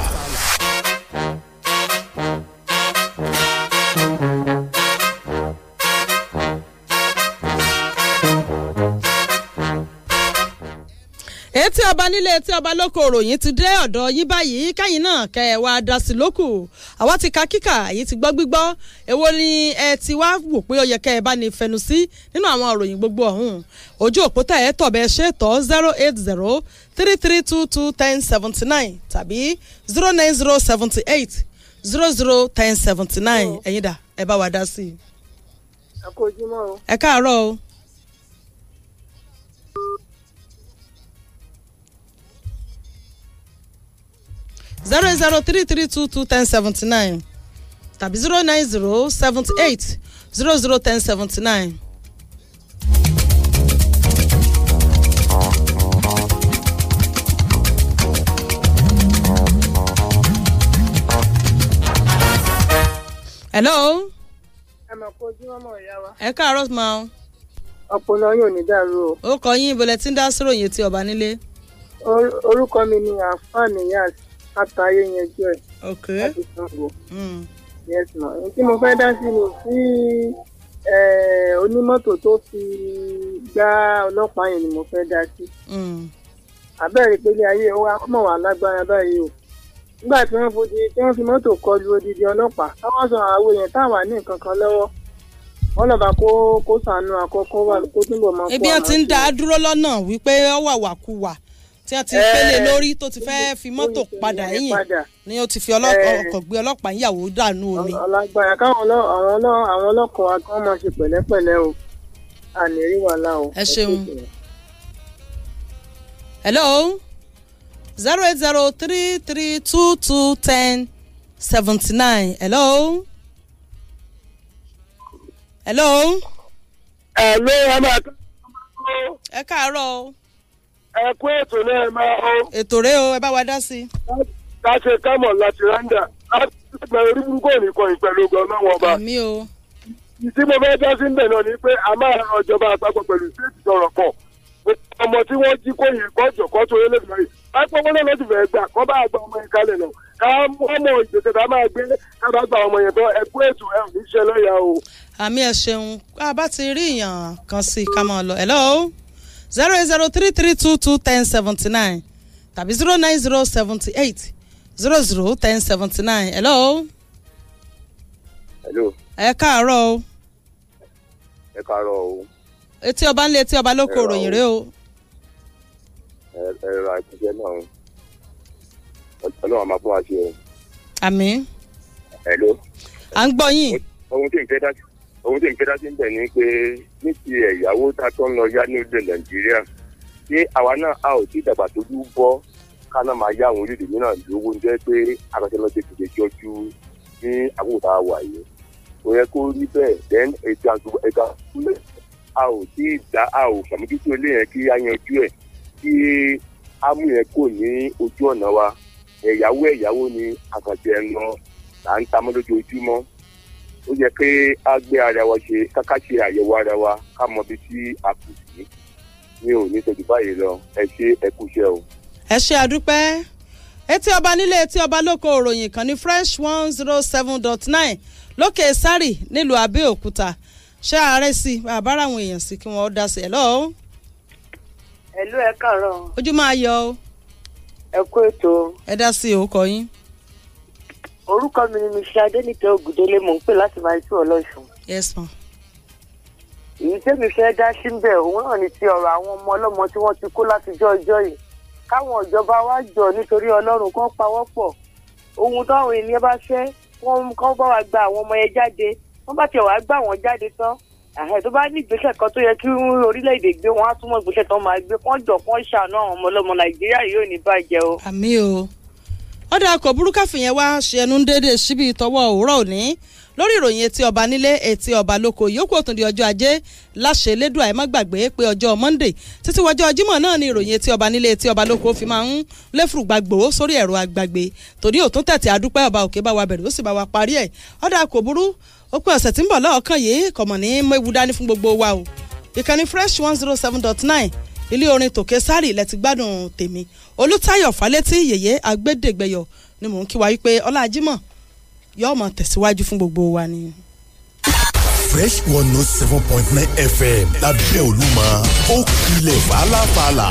etí ọba nílé etí ọba lóko òròyìn ti dé ọ̀dọ̀ yín báyìí kẹ́yìn náà kẹ́ ẹ wá dá sí lókù àwa ti ka kíkà èyí ti gbọ́ gbígbọ́ èwo ni ẹ ti wá wò pé ó yẹ kẹ́ ẹ bá ní fẹnu sí nínú àwọn òròyìn gbogbo ọ̀hún ojú òpó tẹ̀ ẹ́ tọ̀bẹ̀ ṣe tọ́ zero eight zero three three two two ten seventy nine tàbí zero nine zero seventy eight zero zero ten seventy nine ẹ̀yin dà ẹ bá wa dá sí i. ẹ kú ojúmọ́ o. ẹ káàárọ̀ o. zero zero three three two two ten seventy nine tàbí zero nine zero seventy eight zero zero ten seventy nine. hello. ẹ mọ̀ kó ojúmọ́ mọ̀ ìyá wa. ẹ káàárọ̀ máa ń. ọpọlọ yóò ní dàrú o. ó kọ yín ìbọlẹ̀ tí ń dá sóròyìn etí ọba nílé. orúkọ mi ni àfáàní yaz káta ayé yẹn jọ ẹ̀. ok láti sanwó. Hmm. yes ma ohun tí mo fẹ́ dá sí ni tí onímọ́tò tó fi gbá ọlọ́pàá yẹn ni mo fẹ́ dá sí. Hmm. àbẹ́rẹ́ pé ní ayé wa mọ̀ wá lágbára báyìí o nígbà tí wọ́n fojì tí wọ́n fi mọ́tò kọlu odidi ọlọ́pàá táwọn sọ àwọn èèyàn táwọn ní nǹkan kan lọ́wọ́ wọn lọba kó kó sànú àkọ́kọ́ wà kó túbọ̀ máa kó àwọn. ebi ẹ ti ń dá a dúró lọ́nà wípé ó wà wàkuwà. Wa tí wọ́n ti pélé eh, lórí tó ti fẹ́ẹ́ fi mọ́tò padà yìn ni ó ti fi eh. ọkọ̀ gbé ọlọ́pàá ìyàwó dànù ni. ọ̀làgbàyà káwọn àwọn ọlọ́kọ̀ akọ́ máa ṣe pẹ̀lẹ́pẹ̀lẹ́ o àní rí wàhálà o. ẹ ṣeun hello zero eight zero three three two two ten seventy nine hello. hello. ẹ̀lú ẹ̀ máa. ẹ káàárọ̀ o ẹ kú ètò náà ẹ máa ó. ètò rẹ o ẹ bá wa dá sí i. láti kámọ̀ láti rándà láti gba orí burúkú òní kan ìpẹ̀lú ọgbà ọlọ́wọ́ ọba. àmì o. ìdí mo fẹ́ dá sí níbẹ̀ náà ni pé a máa ran ìjọba àpapọ̀ pẹ̀lú stéètì sọ̀rọ̀ pọ̀ ọmọ tí wọ́n jí kó yẹn kọ́ tó yẹ lẹ́sìn rẹ̀ apọ́wọ́ náà lọ́sùn fẹ́ gbà kọ́ bá gba ọmọ yẹn kalẹ̀ lọ ká ọmọ ìgbésẹ̀ tá a máa gbé ká bá gba ọmọ yẹn tán ẹ ètò ẹ ò ní ṣe lọ́yà o. àmì ẹ̀ ṣeun a bá ti rí ìyàn kan sí i ká máa lọ ẹ̀ lọ́wọ́ zero eight zero three three two two ten seventy nine tàbí zero nine zero seventy eight zero zero ten seventy nine hello. hello. ẹ káàárọ̀ o. ẹ káàárọ̀ o. etí ọba ń lé etí ọba lóko ròyìn rẹ o. ẹ̀rọ àtijọ́ náà ọlọ́run máa bọ́ àṣẹ. àmín. hello. à ń gbọ́ yín. ohun tí n dájú ohun tí n kẹ́dá sí ń bẹ̀ ni pé ní ti ẹ̀yáwó tá a tán lọ yá ní orílẹ̀ nàìjíríà ṣé àwa náà a ò tí ìdàgbà tójú bọ́ ká náà máa yá àwọn orílẹ̀ mìíràn lówó ń jẹ́ pé akọ̀ṣẹ́ lọ́ọ́ tètè lè jọjú ní àkókò tá a wà yìí kò yẹ kó rí bẹ́ẹ̀ then ètò àtúntò ẹ̀ka a ò tí ì dá a ò sàmójútó ilé yẹn kí a yanjú ẹ̀ kí a mú yẹn kò ní ojú ọ̀nà wa ẹ̀yáwó ẹ̀yáwó ni àkànṣe ẹ̀ lọ là ń tamọ́ lójoojúmọ́ ó yẹ pé a gbé ara wa ṣe káká ṣe àyẹ̀wò ara wa ká mọ ibi tí a kù sí mi ò ní sọjú báyìí lọ ẹ ṣe ẹ kú iṣẹ́ o. ẹ ṣe àdúpẹ́ etí ọba nílé etí ọba lóko òròyìn kan ní fresh one zero seven dot nine lókè sárì nílùú àbẹ́òkúta ṣé ààrẹ sí bàbá àwọn èèyàn sí kí wọ́n dá sí ẹ̀ lọ́wọ́. ẹ̀lú ẹ̀ kàrọ̀. ojú máa yọ ẹ kú ètò. ẹ dá sí òkò yín orúkọ mi ni mr adéníkẹ́ ògùdélé mò ń pè láti máa tú ọlọ́sùn. yes ma. èyí fẹ́ dá sí ń bẹ̀ òun náà ni ti ọ̀rọ̀ àwọn ọmọ ọlọ́mọ tí wọ́n ti kó látijọ́ ọjọ́ yìí káwọn ìjọba wa jọ nítorí ọlọ́run kan pawọ́pọ̀ ohun táwọn ènìyàn bá fẹ́ wọ́n kọ́ bá wa gba àwọn ọmọ yẹn jáde wọ́n bá tiẹ̀ wá gbà wọ́n jáde tán àhẹ tó bá ní ìgbésẹ̀ kan tó yẹ kí orílẹ̀-èdè gbé wọn á túmọ̀ ìgbésẹ̀ tán máa gbé kán jọ kán ṣàánú àwọn ọmọ ọlọ́mọ nàìjíríà yóò ní bàjẹ́ o. àmì o ọ̀dà kò burúkú àfihàn wa ṣẹnu déédé síbi ìtọ́wọ́ òwúrọ̀ òní lórí ìròyìn etí ọba nílé etí ọba lóko yòókù òtún di ọjọ́ ajé láṣẹ elédùn àìmọ́gbàgbé pé ọjọ́ monday títí wọjọ́ jímọ̀ náà ni ìròyìn etí ọba nílé etí ọba lóko fi máa ń léfùrù gbàgbó sórí ẹ̀rọ àgbàgbé torí òtún tẹ̀tẹ̀ àdúpẹ́ ọba òkè bá wa bẹ̀rẹ̀ ó sì bá wa parí ẹ̀ ọ̀dà kò burú ó ọ̀sẹ̀ tí ń bọ̀ lọ́ọ̀kan yìí kọ̀mọ̀ ní mẹ́wù dání fún gbogbo wa o ìkànnì fresh one zero seven dot nine ilé orin tòkè sárì lẹ́tí gbádùn tèmi olùtayọ̀ falẹ́tí yèyé agbẹ́dẹ́gbẹ́yọ̀ ni mò ń kí wa wípé ọlá ajímọ̀ yóò mọ̀ tẹ̀síwájú fún gbogbo wa ni. fresh one note oh seven point nine fm lábẹ́ olúmọ ó kilẹ̀ fàlàfàlà.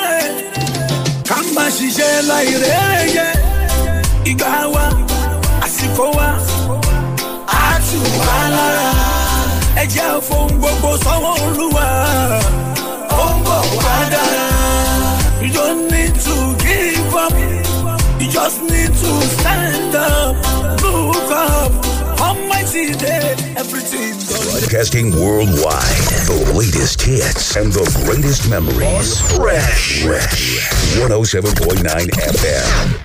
má ṣiṣẹ́ láì rẹ́yẹ ìgbà wa àsìkò wa á tù wá lára ẹ jẹ́ gbogbo sọ́wọ́ olúwa ó ń bọ̀ wá dára you don't need to give up you just need to stand up look up. Broadcasting worldwide, the latest hits and the greatest memories. Fresh, fresh, 107.9 FM.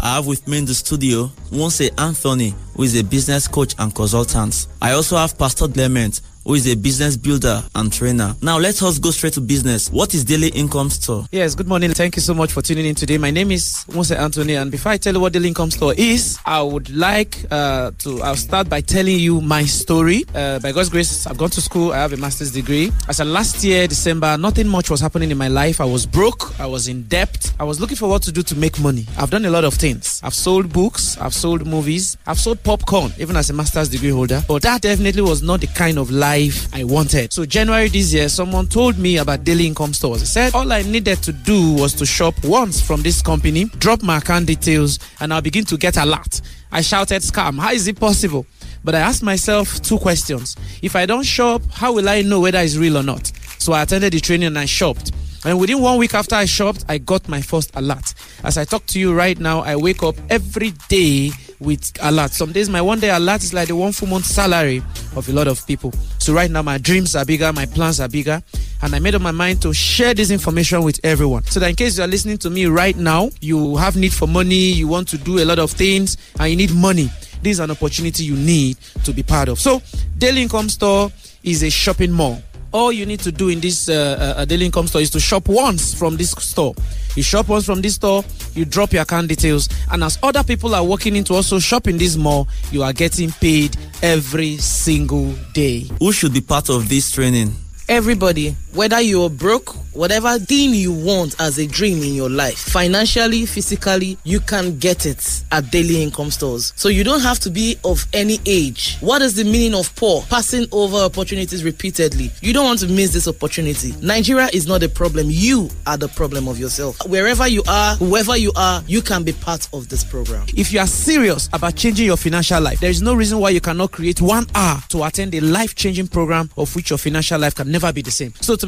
I have with me in the studio Once Anthony, who is a business coach and consultant. I also have Pastor Clement, who is a business builder and trainer. Now let us go straight to business. What is Daily Income Store? Yes, good morning. Thank you so much for tuning in today. My name is Mose Anthony, and before I tell you what Daily Income Store is, I would like uh, to I'll start by telling you my story. Uh, by God's grace, I've gone to school. I have a master's degree. As a last year December, nothing much was happening in my life. I was broke. I was in debt. I was looking for what to do to make money. I've done a lot of things. I've sold books. I've sold movies. I've sold popcorn, even as a master's degree holder. But that definitely was not the kind of life life I wanted. So January this year, someone told me about daily income stores. He said all I needed to do was to shop once from this company, drop my account details, and I'll begin to get a lot. I shouted scam. How is it possible? But I asked myself two questions. If I don't shop, how will I know whether it's real or not? So I attended the training and I shopped. And within one week after I shopped, I got my first alert. As I talk to you right now, I wake up every day with alert. Some days my one day alert is like the one full month salary of a lot of people. So right now my dreams are bigger, my plans are bigger, and I made up my mind to share this information with everyone. So that in case you are listening to me right now, you have need for money, you want to do a lot of things, and you need money. This is an opportunity you need to be part of. So Daily Income Store is a shopping mall all you need to do in this uh, uh, uh, daily income store is to shop once from this store. You shop once from this store, you drop your account details, and as other people are walking into also shopping this mall, you are getting paid every single day. Who should be part of this training? Everybody whether you're broke, whatever thing you want as a dream in your life, financially, physically, you can get it at daily income stores. So you don't have to be of any age. What is the meaning of poor? Passing over opportunities repeatedly. You don't want to miss this opportunity. Nigeria is not the problem. You are the problem of yourself. Wherever you are, whoever you are, you can be part of this program. If you are serious about changing your financial life, there is no reason why you cannot create one hour to attend a life changing program of which your financial life can never be the same. So to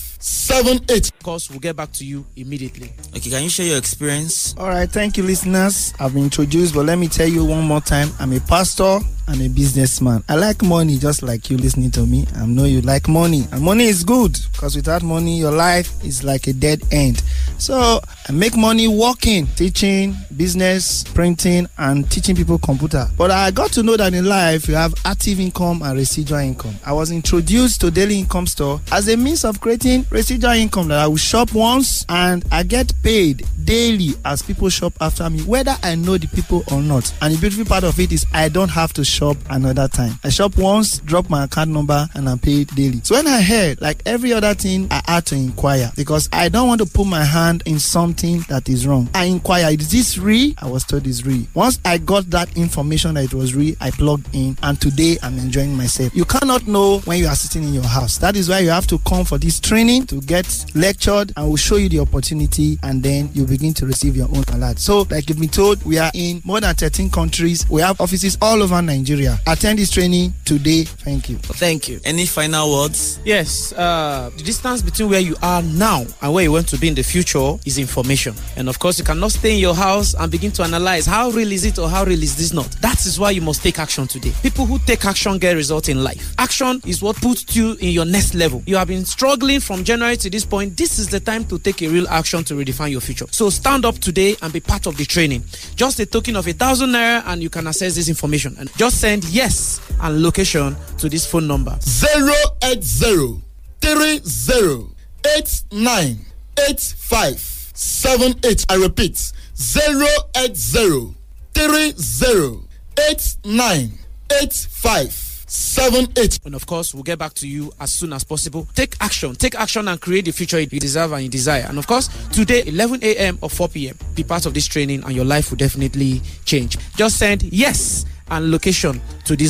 eight. Of course, we'll get back to you immediately. Okay, can you share your experience? All right, thank you, listeners. I've been introduced, but let me tell you one more time I'm a pastor. I'm a businessman. I like money just like you listening to me. I know you like money. And money is good because without money, your life is like a dead end. So I make money working, teaching, business, printing, and teaching people computer. But I got to know that in life you have active income and residual income. I was introduced to Daily Income Store as a means of creating residual income that I will shop once and I get paid daily as people shop after me, whether I know the people or not. And the beautiful part of it is I don't have to shop another time. I shop once, drop my account number, and I'm paid daily. So when I heard, like every other thing, I had to inquire because I don't want to put my hand hand in something that is wrong. I inquired, is this real? I was told it's real. Once I got that information that it was real, I plugged in and today I'm enjoying myself. You cannot know when you are sitting in your house. That is why you have to come for this training to get lectured and we'll show you the opportunity and then you begin to receive your own alert. So, like you've been told, we are in more than 13 countries. We have offices all over Nigeria. Attend this training today. Thank you. Thank you. Any final words? Yes. Uh, the distance between where you are now and where you want to be in the future is information. And of course, you cannot stay in your house and begin to analyze how real is it or how real is this not. That is why you must take action today. People who take action get results in life. Action is what puts you in your next level. You have been struggling from January to this point. This is the time to take a real action to redefine your future. So stand up today and be part of the training. Just a token of a thousand naira and you can access this information. And just send yes and location to this phone number. 080 eight five seven eight i repeat zero eight zero three zero eight nine eight five seven eight. And of course, we'll get back to you as soon as possible. Take action, take action, and create the future you deserve and you desire. And of course, today 11 a.m. or 4 p.m. Be part of this training, and your life will definitely change. Just send yes and location to this.